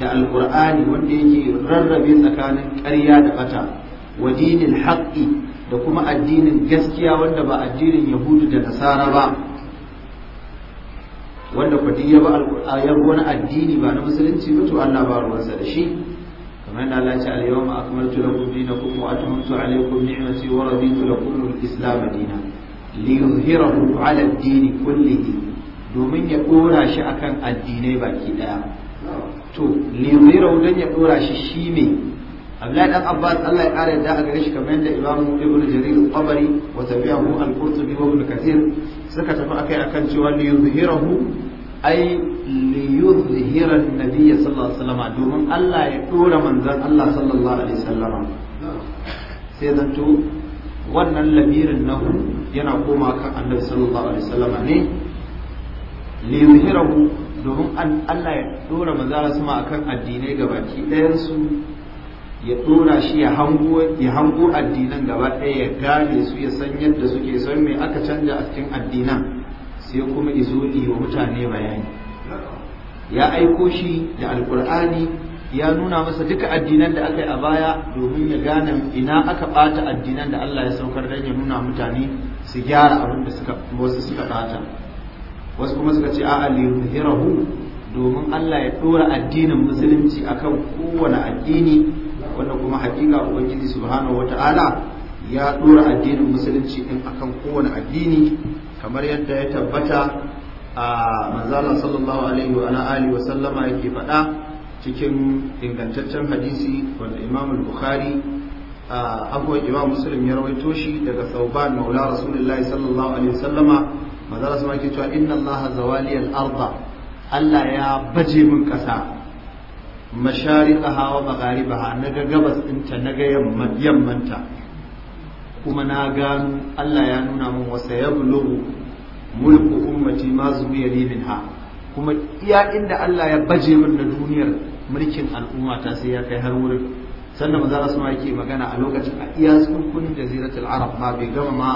S1: da alkur'ani wanda yake rarrabe tsakanin ƙarya da bata wa dinin haƙƙi da kuma addinin gaskiya wanda ba addinin yahudu da nasara ba wanda kwadiyya ba alkur'ani wani addini ba na musulunci ba to Allah ba ruwansa da shi kamar da Allah ya ce al-yawma akmaltu lakum dinakum wa atmamtu alaykum ni'mati wa raditu lakum al-islam dinan li yuzhirahu 'ala ad-din kullihi domin ya dora shi akan addinai baki daya to li yuzhirahu dan ya dora shi shi ne Abdullahi dan Abbas Allah ya kare da a gare shi kamar yadda Imam Ibn Jarir al-Qabari wa tabi'ahu al-Qurtubi wa Ibn Kathir suka tafi akai akan cewa li ليظهر النبي صلى sallallahu alaihi وسلم domin Allah ya من manzon Allah sallallahu الله عليه sai zan to wannan lamirin nahu yana koma kan صلى الله عليه وسلم ne
S3: liyuzhirahu
S1: domin Allah ya dora manzon sama akan addinai gabaki ya dora shi ya hango ya hango addinan gaba ɗaya ya gane su ya san yadda suke son me aka canja a cikin addinan sai kuma izo wa mutane bayani ya aiko shi da alkur'ani ya nuna masa duka addinan da aka yi a baya domin ya gane ina aka bata addinan da Allah ya saukar dan ya nuna mutane su gyara abin da suka wasu suka bata wasu kuma suka ce a'a li hirahu domin Allah ya dora addinin musulunci akan kowane addini wanda kuma hakika ubangiji subhanahu wata'ala ya dora addinin musulunci din akan kowane addini kamar yadda ya tabbata a manzala sallallahu alaihi wa Ali wa sallama yake faɗa cikin ingantaccen hadisi wanda imam bukhari akwai imam muslim ya rawaito shi daga sauban maula rasulullahi sallallahu alaihi wa sallama manzala sama yake cewa inna allaha zawali al Allah ya baje min kasa mashariqaha wa na ga gabas ɗinta ga yammanta kuma na gano Allah ya nuna min wasa yablughu mulku ummati ma zuwiya li minha kuma iya inda Allah ya baje min da duniyar mulkin al'umma ta sai ya kai har wurin sannan maza rasu yake magana a lokacin a iya tsunkun jaziratul arab ma bai gama ma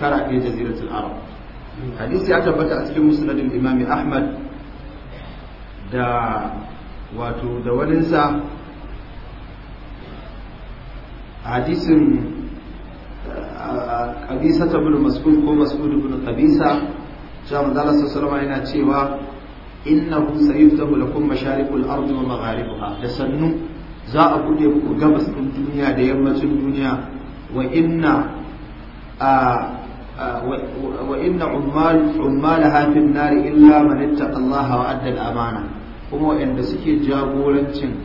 S1: kara ɗaya jaziratul arab hadisi ya tabbata a cikin musnadin imami ahmad da wato da waninsa hadisin kabisa ta bin mas'ud ko mas'ud bin kabisa cewa manzo Allah salama yana cewa innahu sayuftahu lakum masharikul ardi wa magharibuha da sannu za a bude ku gabas din duniya da yammacin duniya wa inna wa inna ummal ummal hafin nari illa man ittaqallaha wa adda al-amana kuma wa'anda suke jagorancin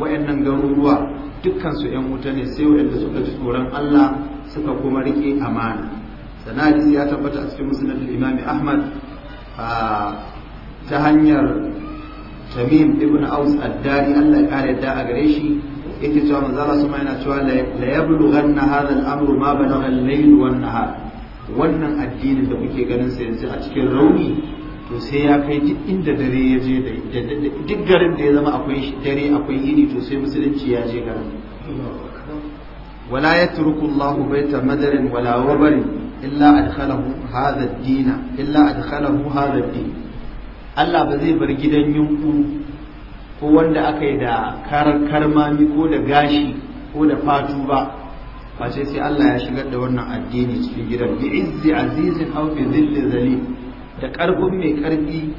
S1: wa'annan garuruwa dukkan su 'yan wuta ne sai wa'anda suka ji tsoron Allah suka kuma rike amana sanadi ya tabbata a cikin musnad al-imam ahmad ta hanyar tamim ibn aus ad-dari Allah ya kare da a gare shi yake cewa manzo Allah sama yana cewa la yablughanna hadha al-amru ma balagha al-layl an nahar wannan addinin da kuke ganin sa yanzu a cikin rauni to sai ya kai duk inda dare ya je da duk garin da ya zama akwai dare akwai yini to sai musulunci ya je garin ولا يترك الله بيت مدر ولا وبر إلا أدخله هذا الدين إلا أدخله هذا الدين Allah ba zai bar gidan yunku ko wanda aka yi da karar karmami ko da gashi ko da fatu ba face sai Allah ya shigar da wannan addini cikin gidan bi izzi azizin aw bi da karfin mai ƙarfi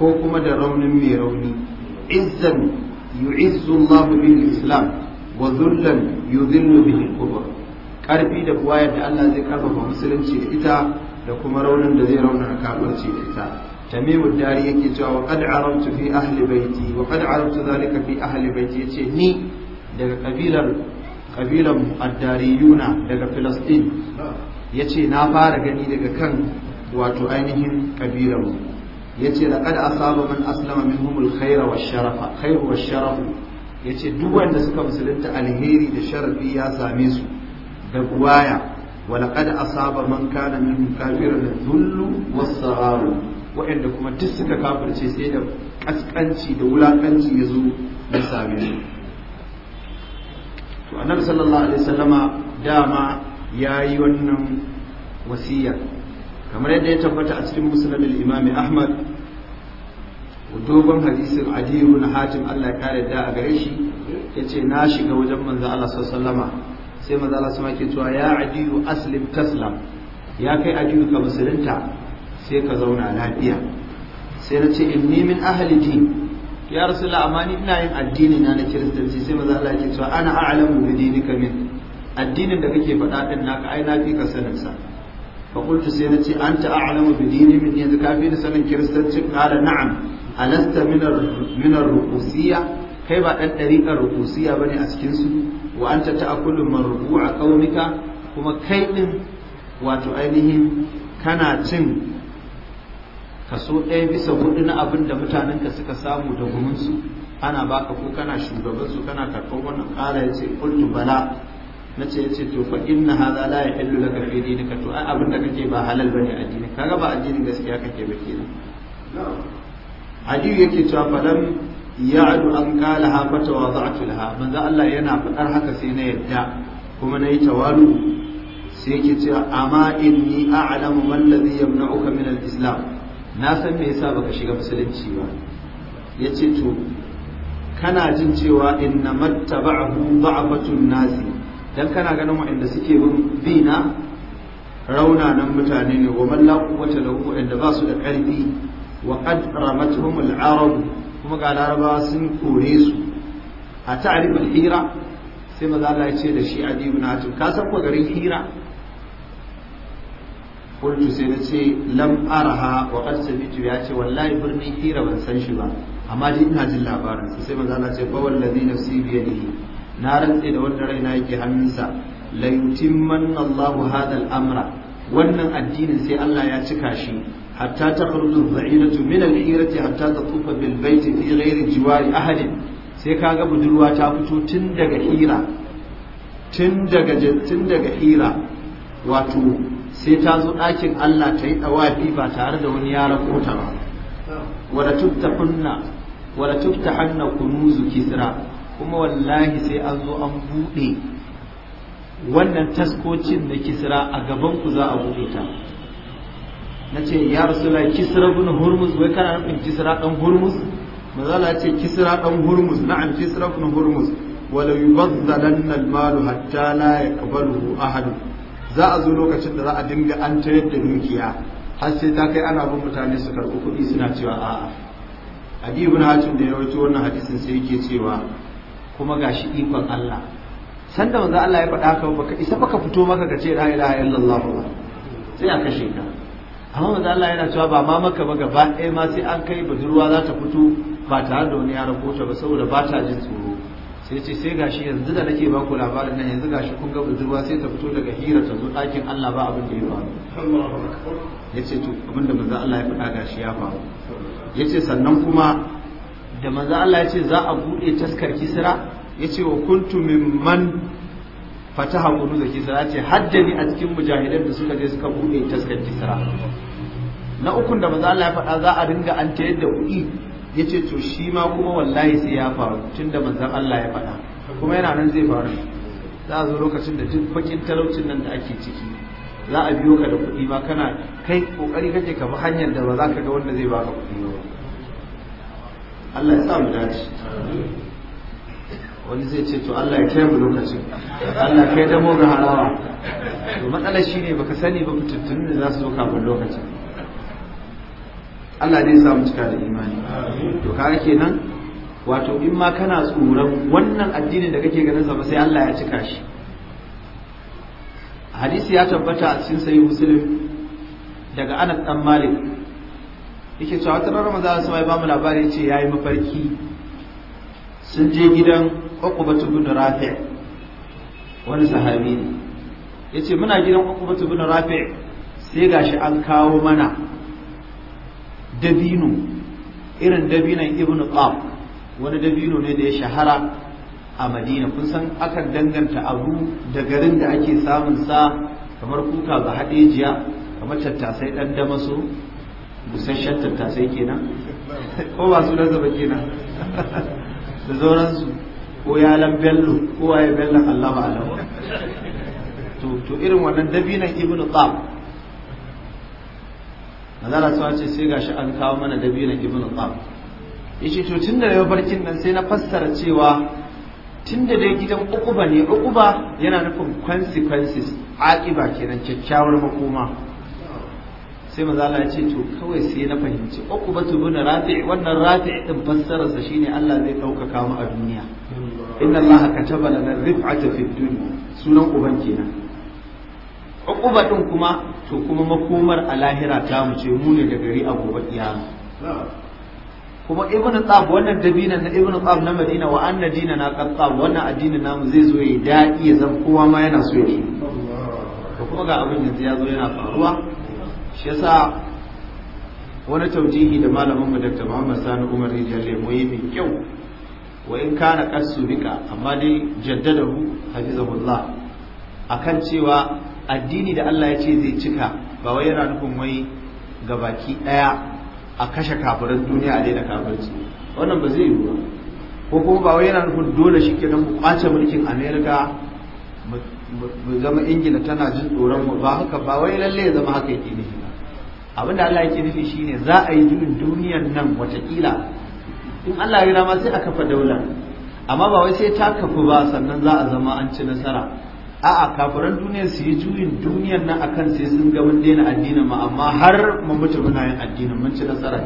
S1: ko kuma da raunin mai rauni izzan yu'izzu Allah bil islam wa zullan yudhillu bihi al karfi da kuwa yadda Allah zai karfafa musulunci da ita da kuma raunin da zai a kafirci da ita tamimu dari yake cewa wa qad arabtu fi ahli baiti wa qad arabtu zalika fi ahli baiti yace ni daga kabilar kabilar addariyuna daga filastin yace na fara gani daga kan wato ainihin kabilar mu yace laqad asaba man aslama minhum al-khayra sharafa khayru sharafu ya ce duk wanda suka musulunta alheri da sharafi ya same su da buwaya kad asaba man kana min kafirin da zullu wasu waɗanda kuma duk suka kafirce sai da kaskanci da wulaƙanci ya zo da same su to annabi sallallahu alaihi wasallama dama yayi wannan wasiya kamar yadda ya tabbata a cikin musnad al-imam ahmad dogon hadisin adiyu na hatim Allah kare da a gare shi ya ce na shiga wajen manzo Allah sallama sai manzo Allah sama ke cewa ya ajiyu aslim taslam ya kai ajiyu ka musulunta sai ka zauna lafiya sai na ce inni min ahli din ya rasu amma ni ina yin addini na na kiristanci sai manzo Allah ke cewa ana a'lamu bi dinika min addinin da kake faɗa din naka ai na fi ka sanin sa fa qultu sai na ce anta a'lamu bi dini min yanzu ka fi sanin kiristanci qala na'am alasta minar rukusiya kai ba ɗan ɗariƙar rukusiya ba ne a cikinsu wa an ta ta'akulun marubu a ƙaunuka kuma kai ɗin wato ainihin kana cin kaso ɗaya bisa hudu na abin da mutanenka suka samu da gumunsu ana baka ko kana shugabansu kana karɓar wannan ƙara ya ce kultu bala na ce ce to fa inna hadha la yahillu laka fi dinika to ai abin da kake ba halal bane addini kaga ba addinin gaskiya kake ba kenan aliyu yake cewa falam ya'du an kala ha fa tawada'tu laha manzo Allah yana fadar haka sai na yadda kuma nayi tawalu sai yake cewa amma inni a'lamu man ladhi yamna'uka min al-islam na san me yasa baka shiga musulunci ba yace to kana jin cewa inna mattaba'ahu da'afatun nasi dan kana ganin wa'anda suke bin bina raunanan mutane ne wa man la quwwata lahu wa'anda ba su da ƙarfi wa qad ramatuhum al kuma ga larabawa sun kore su a ta'rif al-hira sai maza Allah ya ce da shi adi ibn hatim ka san ko garin hira qultu sai nace lam araha wa qad sami'tu ya ce wallahi birnin hira ban san shi ba amma dai ina jin labarin sai maza Allah ya ce bawal ladhi nafsi bi na rantse da wanda raina yake hannunsa la yutimmanna Allahu hadha al-amra wannan addinin sai Allah ya cika shi hatta takhruju dha'iratu min al-hirati hatta tatufa bil baiti fi ghairi jiwari ahadin sai kaga budurwa ta fito tun daga hira wato sai ta zo ɗakin Allah ta yi ɗawafi ba tare da wani yara ko ta ba wala tuftahanna wala tuftahanna kunuzu kisra kuma wallahi sai an zo an buɗe wannan taskocin na kisra a gaban ku za a buɗe ta na ce ya rasula kisra bin hurmus wai kana nufin kisra dan hurmus mazala ce kisra dan hurmus na'am kisra bin hurmus wala yubaddalanna almal hatta la yaqbaluhu ahad za a zo lokacin da za a dinga an tare da dukiya har sai ta kai ana bin mutane su karɓi kuɗi suna cewa a'a hadi ibn hatim da ya rawaito wannan hadisin sai yake cewa kuma gashi ikon Allah sanda manzo Allah ya faɗa ka baka isa baka fito maka ka ce la ilaha illallah sai a kashe ka amma maza Allah yana cewa ba ma maka ba gaba ɗaya ma sai an kai budurwa za ta fito ba tare da wani ya rubuta ba saboda ba ta jin tsoro sai ce sai gashi yanzu da nake baku labarin nan yanzu gashi kun ga budurwa sai ta fito daga hira ta zo ɗakin Allah ba abin da ya faru ya ce to abin da manzo Allah ya faɗa gashi ya faru ya ce sannan kuma da manzo Allah ya ce za a buɗe taskar kisra ya ce wa kuntu mimman fataha gunu da kisra ce haddani a cikin mujahidan da suka je suka bude taskar kisra na ukun da maza Allah ya faɗa za a dinga an ta yadda kuɗi yace to shi ma kuma wallahi sai ya faru tunda maza Allah ya faɗa kuma yana nan zai faru za a zo lokacin da duk bakin talaucin nan da ake ciki za a biyo ka da kuɗi ma kana kai kokari kake ka bi hanyar da ba za ka ga wanda zai baka kuɗi ba
S2: Allah ya sa mu dace
S1: wani zai ce to Allah ya kai mu lokacin Allah kai da mu ga harawa to matsalar shine baka sani ba fitattun da za su zo kafin lokacin Allah zai samu cika da imani to ake nan wato in ma kana tsoron wannan addini da kake ganin sa ba sai Allah ya cika shi hadisi ya tabbata a cikin sahih muslim daga Anas dan Malik yake cewa wata Ramadan sai ba mu labari ce yayi mafarki sun je gidan uqbatu bin rafi' wani sahabi ne yace muna gidan uqbatu bin rafi' sai gashi an kawo mana dabino irin dabinan Ibn qab wani dabino ne da ya shahara a madina kun san akan danganta abu da garin da ake samun sa kamar kuka ga hadejiya kamar tattasai dan damaso busasshen tattasai kenan ko ba su da zaba kenan da sauransu ko lan bello ko ya bellon Allah ba Allah to to irin wannan dabinan ibnu qab nazara sa ce sai gashi an kawo mana dabinan ibnu qab yace to tunda da barkin nan sai na fassara cewa tunda dai gidan ukuba ne ukuba yana nufin consequences aqiba kenan kyakkyawar makoma sai maza Allah ya ce to kawai sai na fahimci uku batu bin rafi wannan rafi din fassararsa shine Allah zai dauka kama a duniya inna allaha kataba lana rif'ata fid dunya sunan uban kenan uquba din kuma to kuma makomar a lahira ta mu ce mu ne da gari a gobe kiyama kuma ibn tsab wannan dabina na ibn tsab na madina wa anna dinana qad tsab wannan addinin namu zai zo yayi dadi ya zan kowa ma yana so yake to kuma ga abin yanzu ya zo yana faruwa shi yasa wani taujihi da malamin mu Dr. Muhammad Sani Umar Rijal Lemo yi mai kyau wa in kana qad subika amma dai jaddadahu hafizahullah akan cewa addini da Allah ya ce zai cika ba wai yana nufin wai gabaki daya a kashe kafirin duniya a daina kafirci wannan ba zai yi ba ko kuma ba wai yana nufin dole shi kenan mu kwace mulkin Amerika, mu zama Ingila tana jin tsoron mu ba haka ba wai lalle ya zama haka yake nufi abinda Allah yake nufi shine za a yi juyin duniyar nan watakila in Allah ya ma sai a kafa daula amma ba wai sai ta kafu ba sannan za a zama an ci nasara a'a kafiran duniyar su yi juyin duniyar nan akan sai sun ga mun daina addinin mu amma har mun mutu muna yin addinin mun ci nasara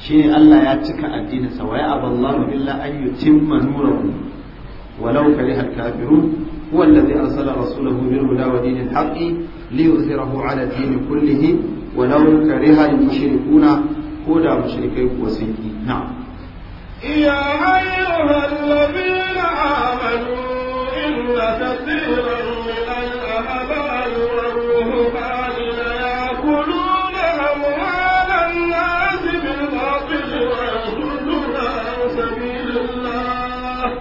S1: shine Allah ya cika addinin sa wa aballahu illa an yutimma nurahu walau kariha al-kafirun هو الذي أرسل رسوله بالهدى ودين الحق ليظهره على الدين كله ولو كره المشركون ko da mushrikai
S2: kuwa sun yi na'am
S3: يا أيها الذين آمنوا إن كثيرا من الأحبار والرهبان ليأكلون أموال الناس بالباطل ويصدون عن سبيل الله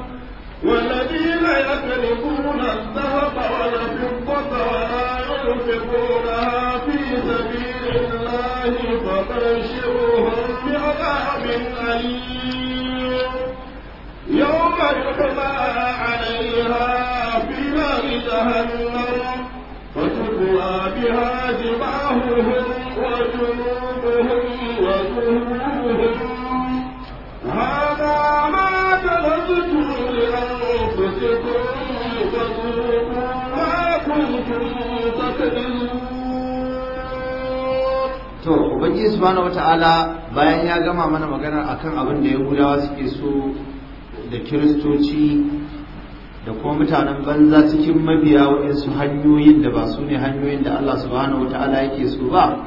S3: والذين يتركون الذهب والفضة ولا ينفقونها في سبيل الله فبشرهم بعذاب أليم
S2: وبارك ما عليها في نار جهنم
S3: بها جباههم وجنوبهم هذا ما فذوقوا ما كنتم تكذبون
S1: to ubangiji subhanahu ta’ala bayan ya gama mana maganar akan abin da yahudawa suke so da kiristoci da kuma mutanen banza cikin mabiya waɗansu hanyoyin da ba su ne hanyoyin da Allah subhanahu wa ta'ala yake so ba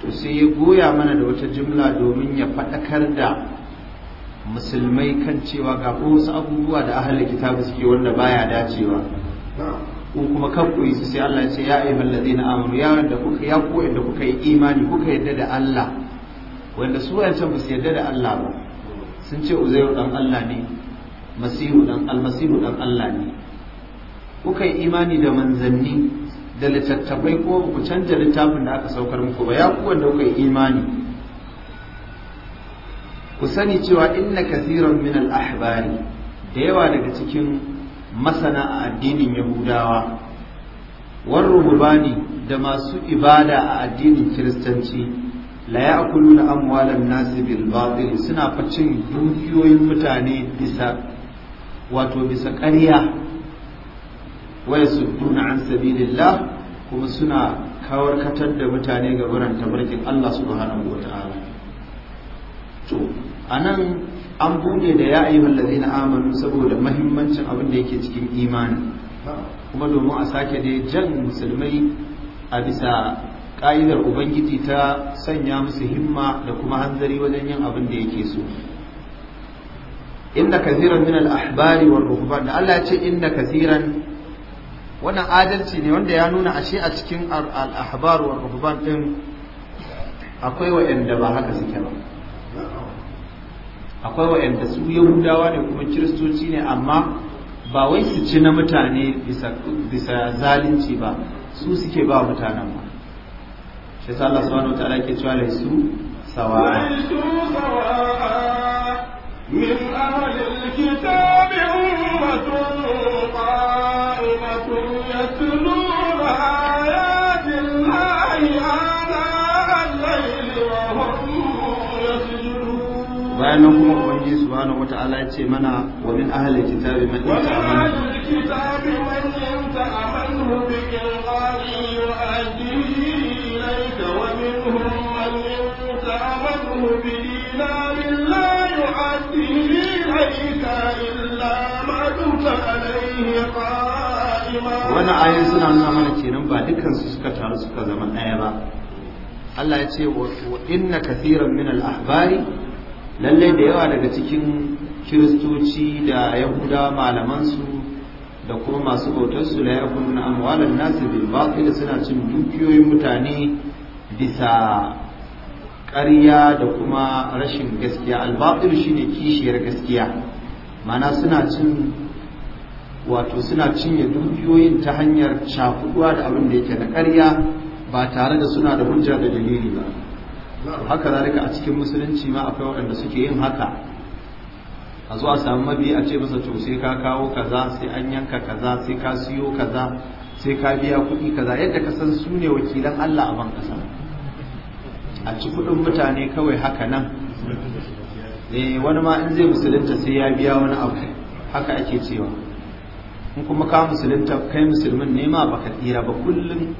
S1: to sai ya goya mana da wata jimla domin ya faɗakar da musulmai kan cewa ga wasu abubuwa da ahalin kitabu suke wanda baya dacewa ko kuma kan ku su sai Allah ya ce ya ayyuhal ladina amanu ya wanda kuka ya ku kuka yi imani kuka yadda da Allah wanda su can ba su yadda da Allah ba sun ce uzairu dan Allah ne masihu dan almasihu dan Allah ne kuka yi imani da manzanni da littattafai ko ku canja littafin da aka saukar muku ba ya ku wanda kuka yi imani ku sani cewa inna kasiran min al-ahbari da yawa daga cikin masana a addinin yahudawa warru rubani, da masu ibada a addinin kiristanci la na amwalan nasi bil batil suna facin dukiyoyin mutane bisa wato bisa ƙarya su yasudduna an sabilillah kuma suna kawar katar da mutane ga buran tabarkin Allah subhanahu wata'ala to anan an bude da ya ayyuhal ladina amanu saboda muhimmancin abin da yake cikin imani kuma domin a sake dai jan musulmai a bisa ƙa'idar ubangiji ta sanya musu himma da kuma hanzari wajen yin abin da yake so inda zira min al'ahbari wa wal da Allah ya ce inda kasiran wannan adalci ne wanda ya nuna ashe a cikin al-ahbar ɗin, din akwai wa'anda ba haka suke ba akwai wa'anda su yahudawa ne kuma kiristoci ne amma ba wai su ci na mutane bisa zalunci ba su suke ba mutanen ba shi yasa Allah subhanahu wa ta'ala ke cewa laisu sawa
S3: laisu sawa min ahli alkitab ummatun qa'imatun yatluna ayatil lahi ala al-layli wa hum yasjudun bayan nan kuma
S1: ubangi subhanahu wa ta'ala ya ce mana wa min ahli alkitab man yata'amanu wa min
S3: ahli alkitab man yata'amanu bi wani ayin suna nuna
S1: mana kenan ba dukansu suka taru suka zama ɗaya ba Allah ya ce wa inna kathiran min al-ahbari
S3: lalle da yawa
S1: daga cikin kiristoci da yahuda malamansu da kuma masu bautar bautarsu la yakunna amwalan nas bil batil suna cin dukiyoyin mutane bisa ƙarya da kuma rashin gaskiya al-batil shine kishiyar gaskiya mana suna cin wato suna cinye dukiyoyin ta hanyar shafuduwa da abin da yake na ƙarya ba tare da suna da hujja da dalili ba haka zalika a cikin musulunci ma akwai waɗanda suke yin haka a zuwa a samu mabi a ce masa to sai ka kawo kaza sai an yanka kaza sai ka siyo kaza sai ka biya kuɗi kaza yadda ka san su ne wakilan Allah a ban ƙasa a ci kuɗin mutane kawai haka nan
S2: eh wani ma in zai musulunta sai ya biya wani abu
S1: haka ake cewa in kuma ka musulunta kai musulmin ne ma baka tsira ba kullum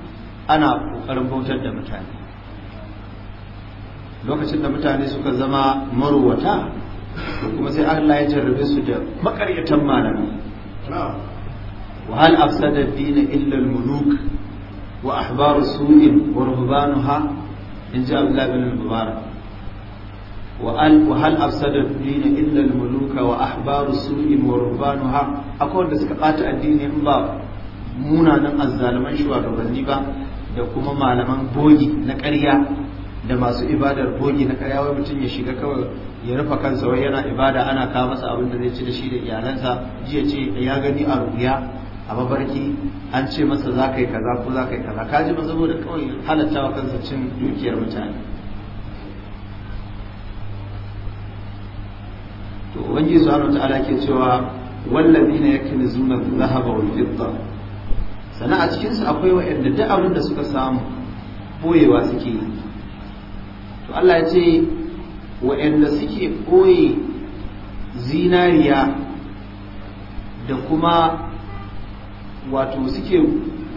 S1: ana kokarin bautar da mutane lokacin da mutane suka zama marwata kuma sai Allah ya jarrabe su da makaryatan malami wa hal afsada dina illa al wa ahbaru su'in wa ruhbanuha in ji Allah bin al-mubarak وأن وهل أفسد الدين إلا الملوك وأحبار السوء ورهبانها أكون da suka bata addini in ba munanan azzaluman shugabanni ba da kuma malaman bogi na karya da masu ibadar bogi na ƙarya wai mutum ya shiga kawai ya rufa kansa wai yana ibada ana kawo masa abin da zai ci da shi da iyalansa jiya ce ya gani a ruya a mabarki an ce masa za ka yi kaza ko za ka yi kaza ka ji ba saboda kawai halatta wa kansa cin dukiyar mutane to ubangiji subhanahu ta'ala ke cewa wallazina yakunzuna zahaba wa fitta sana a cikin su akwai wa'anda duk abin da suka samu boyewa suke yi to Allah ya ce wa'anda suke boye zinariya da kuma wato suke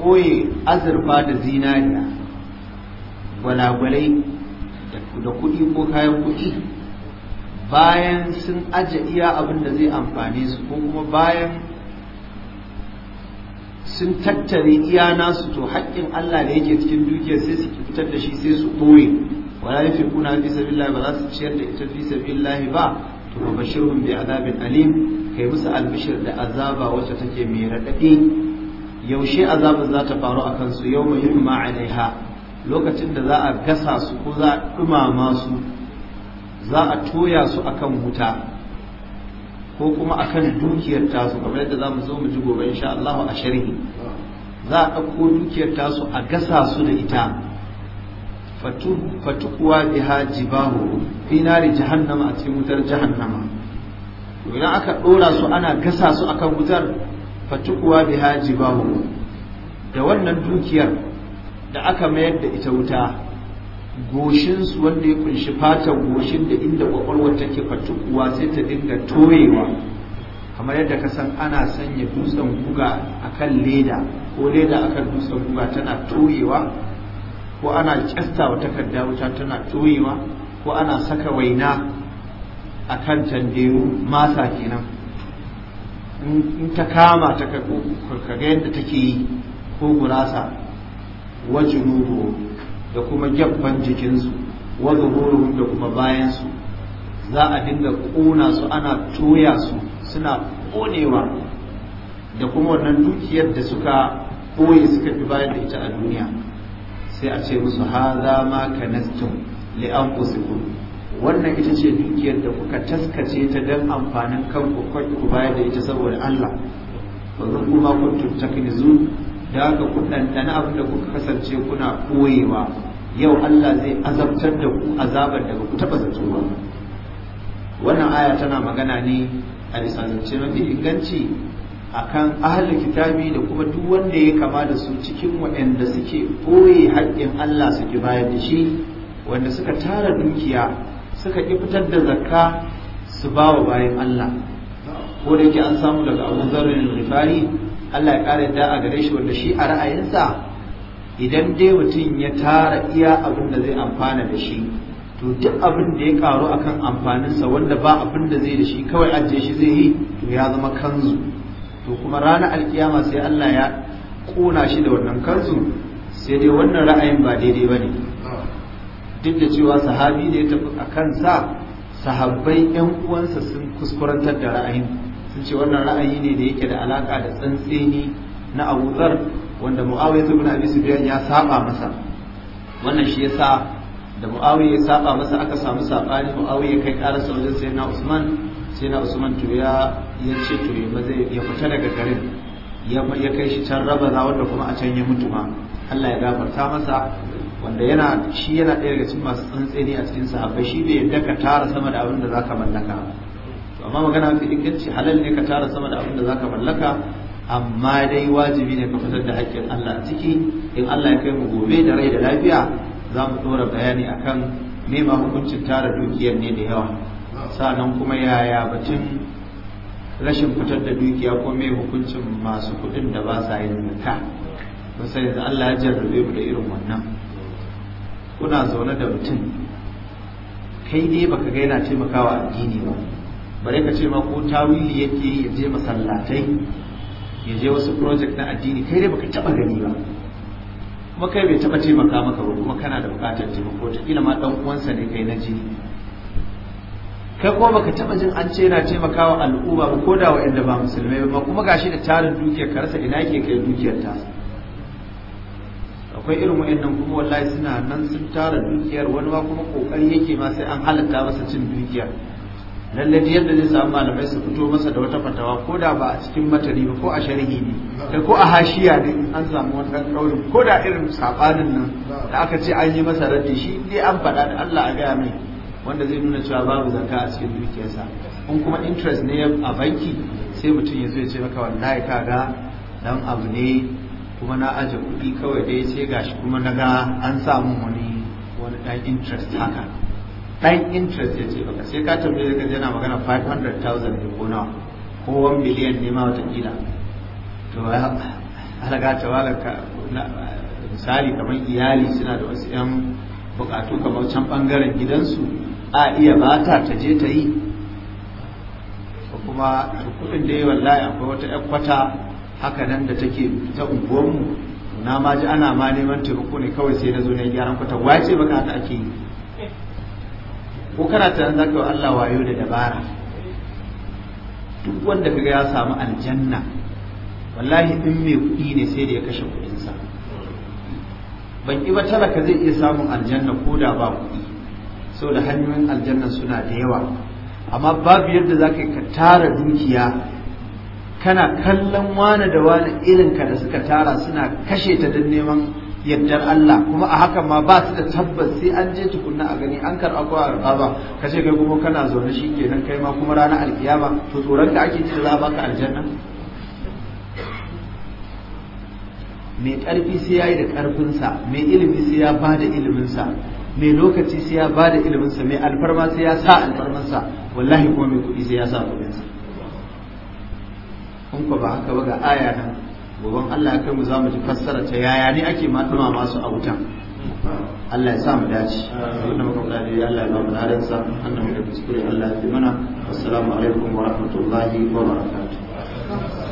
S1: boye azurfa da zinariya gwalagwalai da kuɗi ko kayan kuɗi bayan sun aje iya abin da zai amfane su ko kuma bayan sun tattare iya nasu to haƙƙin Allah da yake cikin dukiyar sai su fitar da shi sai su ɓoye wala yafi kuna fi sabilillah ba za su ciyar da ita fi sabilillah ba to ba bashirhum bi azabin alim kai musu albishir da azaba wacce take mai raɗaɗi yaushe azabin za ta faru a kansu yau mai yi ma'alaiha lokacin da za a gasa su ko za a ɗumama su za a toya su akan wuta ko kuma a kan dukiyar tasu kamar yadda za mu zo mu ji gobe insha Allah a sharhi za a ɗauko dukiyar tasu a gasa su da ita fatukuwa biha jibahu fi nari jahannama a cikin wutar jahannama to idan aka ɗora su ana gasa su akan wutar fatukuwa biha jibahu da wannan dukiyar da aka mayar da ita wuta goshinsu wanda ya kunshi fatan goshin da inda kwakwalwar take fatukuwa sai ta dinga toyewa kamar yadda ka san ana sanya dutsen guga kan leda ko leda a kan dutsen guga tana toyewa ko ana kyasta wa takarda wuta tana toyewa ko ana saka waina a kan tanderu masa kenan in ta kama ta kaga yadda take yi ko gurasa wajen wajunuhu da kuma gyabban jikinsu wanda zuhuruhum da kuma bayansu za a dinga ƙona su ana toya su suna ƙonewa da kuma wannan dukiyar da suka ɓoye suka fi bayan da ita a duniya sai a ce musu haza ma kanastum li wannan ita ce dukiyar da kuka taskace ta don amfanin kanku ku bayar da ita saboda Allah zan kuma kuntum taknizun da haka ku na abin da kuka kasance kuna koyewa yau Allah zai azabtar da ku azabar da ku taɓa zato ba wannan aya tana magana ne a lisanance mafi inganci akan ahalin kitabi da kuma duk wanda ya kama da su cikin waɗanda suke ɓoye haƙƙin Allah suke bayar da shi wanda suka tara dukiya suka ƙi fitar da zakka su bawa wa bayan Allah ko da yake an samu daga abu zarin rifari Allah ya kare da a gare shi wanda shi a ra'ayinsa idan dai mutum ya tara iya abin da zai amfana da shi to duk abin da ya karu akan amfaninsa wanda ba abin da zai da shi kawai ajiye shi zai yi to ya zama kanzu to kuma rana alkiyama sai Allah ya kona shi da wannan kanzu sai dai wannan ra'ayin ba daidai ba ne duk da cewa sahabi ne ya tafi a sa, sahabbai 'yan uwansa sun kuskurantar da ra'ayin sun ce wannan ra'ayi ne da yake da alaka da tsantseni na abuzar wanda mu'awiyar Muawiya ibn su biyan ya saba masa wannan shi yasa da mu'awiyar ya saba masa aka samu sabani mu'awiyar kai ƙara sai na Usman na Usman to ya ce to ya ya fita daga garin ya kai shi can raba za, wanda kuma a can ya mutu ma Allah ya gafarta masa wanda yana shi yana ɗaya daga cikin masu tsantseni a cikin sahabbai shi ne ya ka tara sama da abin da za ka mallaka amma magana mafi inganci halal ne ka tara sama da abin da zaka mallaka amma dai wajibi ne ka fitar da hakkin Allah a ciki in Allah ya kai mu gobe da rai da lafiya za mu ɗora bayani akan me ma hukuncin tara dukiyar ne da yawa sannan kuma yaya batun rashin fitar da dukiya ko me hukuncin masu kuɗin da ba sa yin nika. ba sai yanzu Allah ya jarrabe mu da irin wannan kuna zaune da mutum kai dai baka ga yana taimakawa addini ba bare ka ce ma ko tawili yake yi ya je masallatai ya je wasu project na addini kai dai baka taba gani ba kuma kai bai taba taimaka maka ba kuma kana da bukatar taimako ta kila ma dan uwansa ne kai na ji kai kuma baka taba jin an ce yana taimakawa al'umma ba ko da wa'anda ba musulmai ba kuma gashi da tarin dukiyar rasa ina yake kai dukiyar ta akwai irin wa'annan kuma wallahi suna nan sun tara dukiyar wani ma kuma kokari yake ma sai an halatta masa cin dukiyar lalle da yadda zai samu malamai su fito masa da wata fatawa ko da ba a cikin matari ba ko a sharhi ne da ko a hashiya ne an samu wani dan kaurin ko da irin sabanin nan da aka ce an yi masa raddi shi dai an faɗa da Allah a gaya mai wanda zai nuna cewa babu zakka a cikin dukiyarsa in kuma interest ne a banki sai mutum ya zo ya ce maka wallahi ga dan abu ne kuma na aje kuɗi kawai dai sai gashi kuma na ga an samu wani wani dan interest haka ɗan interest ya ce baka sai ka tambaye ka yana magana 500,000 ne ko nawa ko 1 miliyan ne ma watakila to halaga ta walaka misali kamar iyali suna da wasu 'yan bukatu kamar can bangaren gidansu a iya bata ta je ta yi kuma kudin da yi wallahi akwai wata 'yan kwata haka nan da take ta unguwanmu na ma ji ana ma neman taimako ne kawai sai na zo na gyaran kwata wace baka haka ake yi ko kana tunanin za ka yi Allah wayo da dabara duk wanda kaga ya samu aljanna wallahi in mai kuɗi ne sai da ya kashe kuɗinsa ban ƙi ba ka zai iya samun aljanna ko da ba kuɗi saboda hanyoyin aljanna suna da yawa amma babu yadda za ka ka tara dukiya kana kallon wane da wane irinka da suka tara suna kashe ta don neman yardar Allah kuma a hakan ma ba su da tabbas sai an je tukunna a gani an karɓa ko a ba ka ce kai kuma kana zaune shi kenan kai ma kuma ranar alkiyama to tsoron ka ake ji za a baka aljanna mai ƙarfi sai ya yi da ƙarfinsa mai ilimi sai ya ba da iliminsa mai lokaci sai ya ba da iliminsa mai alfarma sai ya sa alfarmansa wallahi kuma mai kuɗi sai ya sa kuɗinsa kun ba haka ba ga aya nan goban Allah ya kai mu za mu ji fassara ta yaya ne ake ma masu su a wutan Allah ya sa mu dace wanda muka kula da Allah ya ba mu ladan sa annabi da kuskure
S2: Allah ya fi mana assalamu alaikum wa rahmatullahi wa barakatuh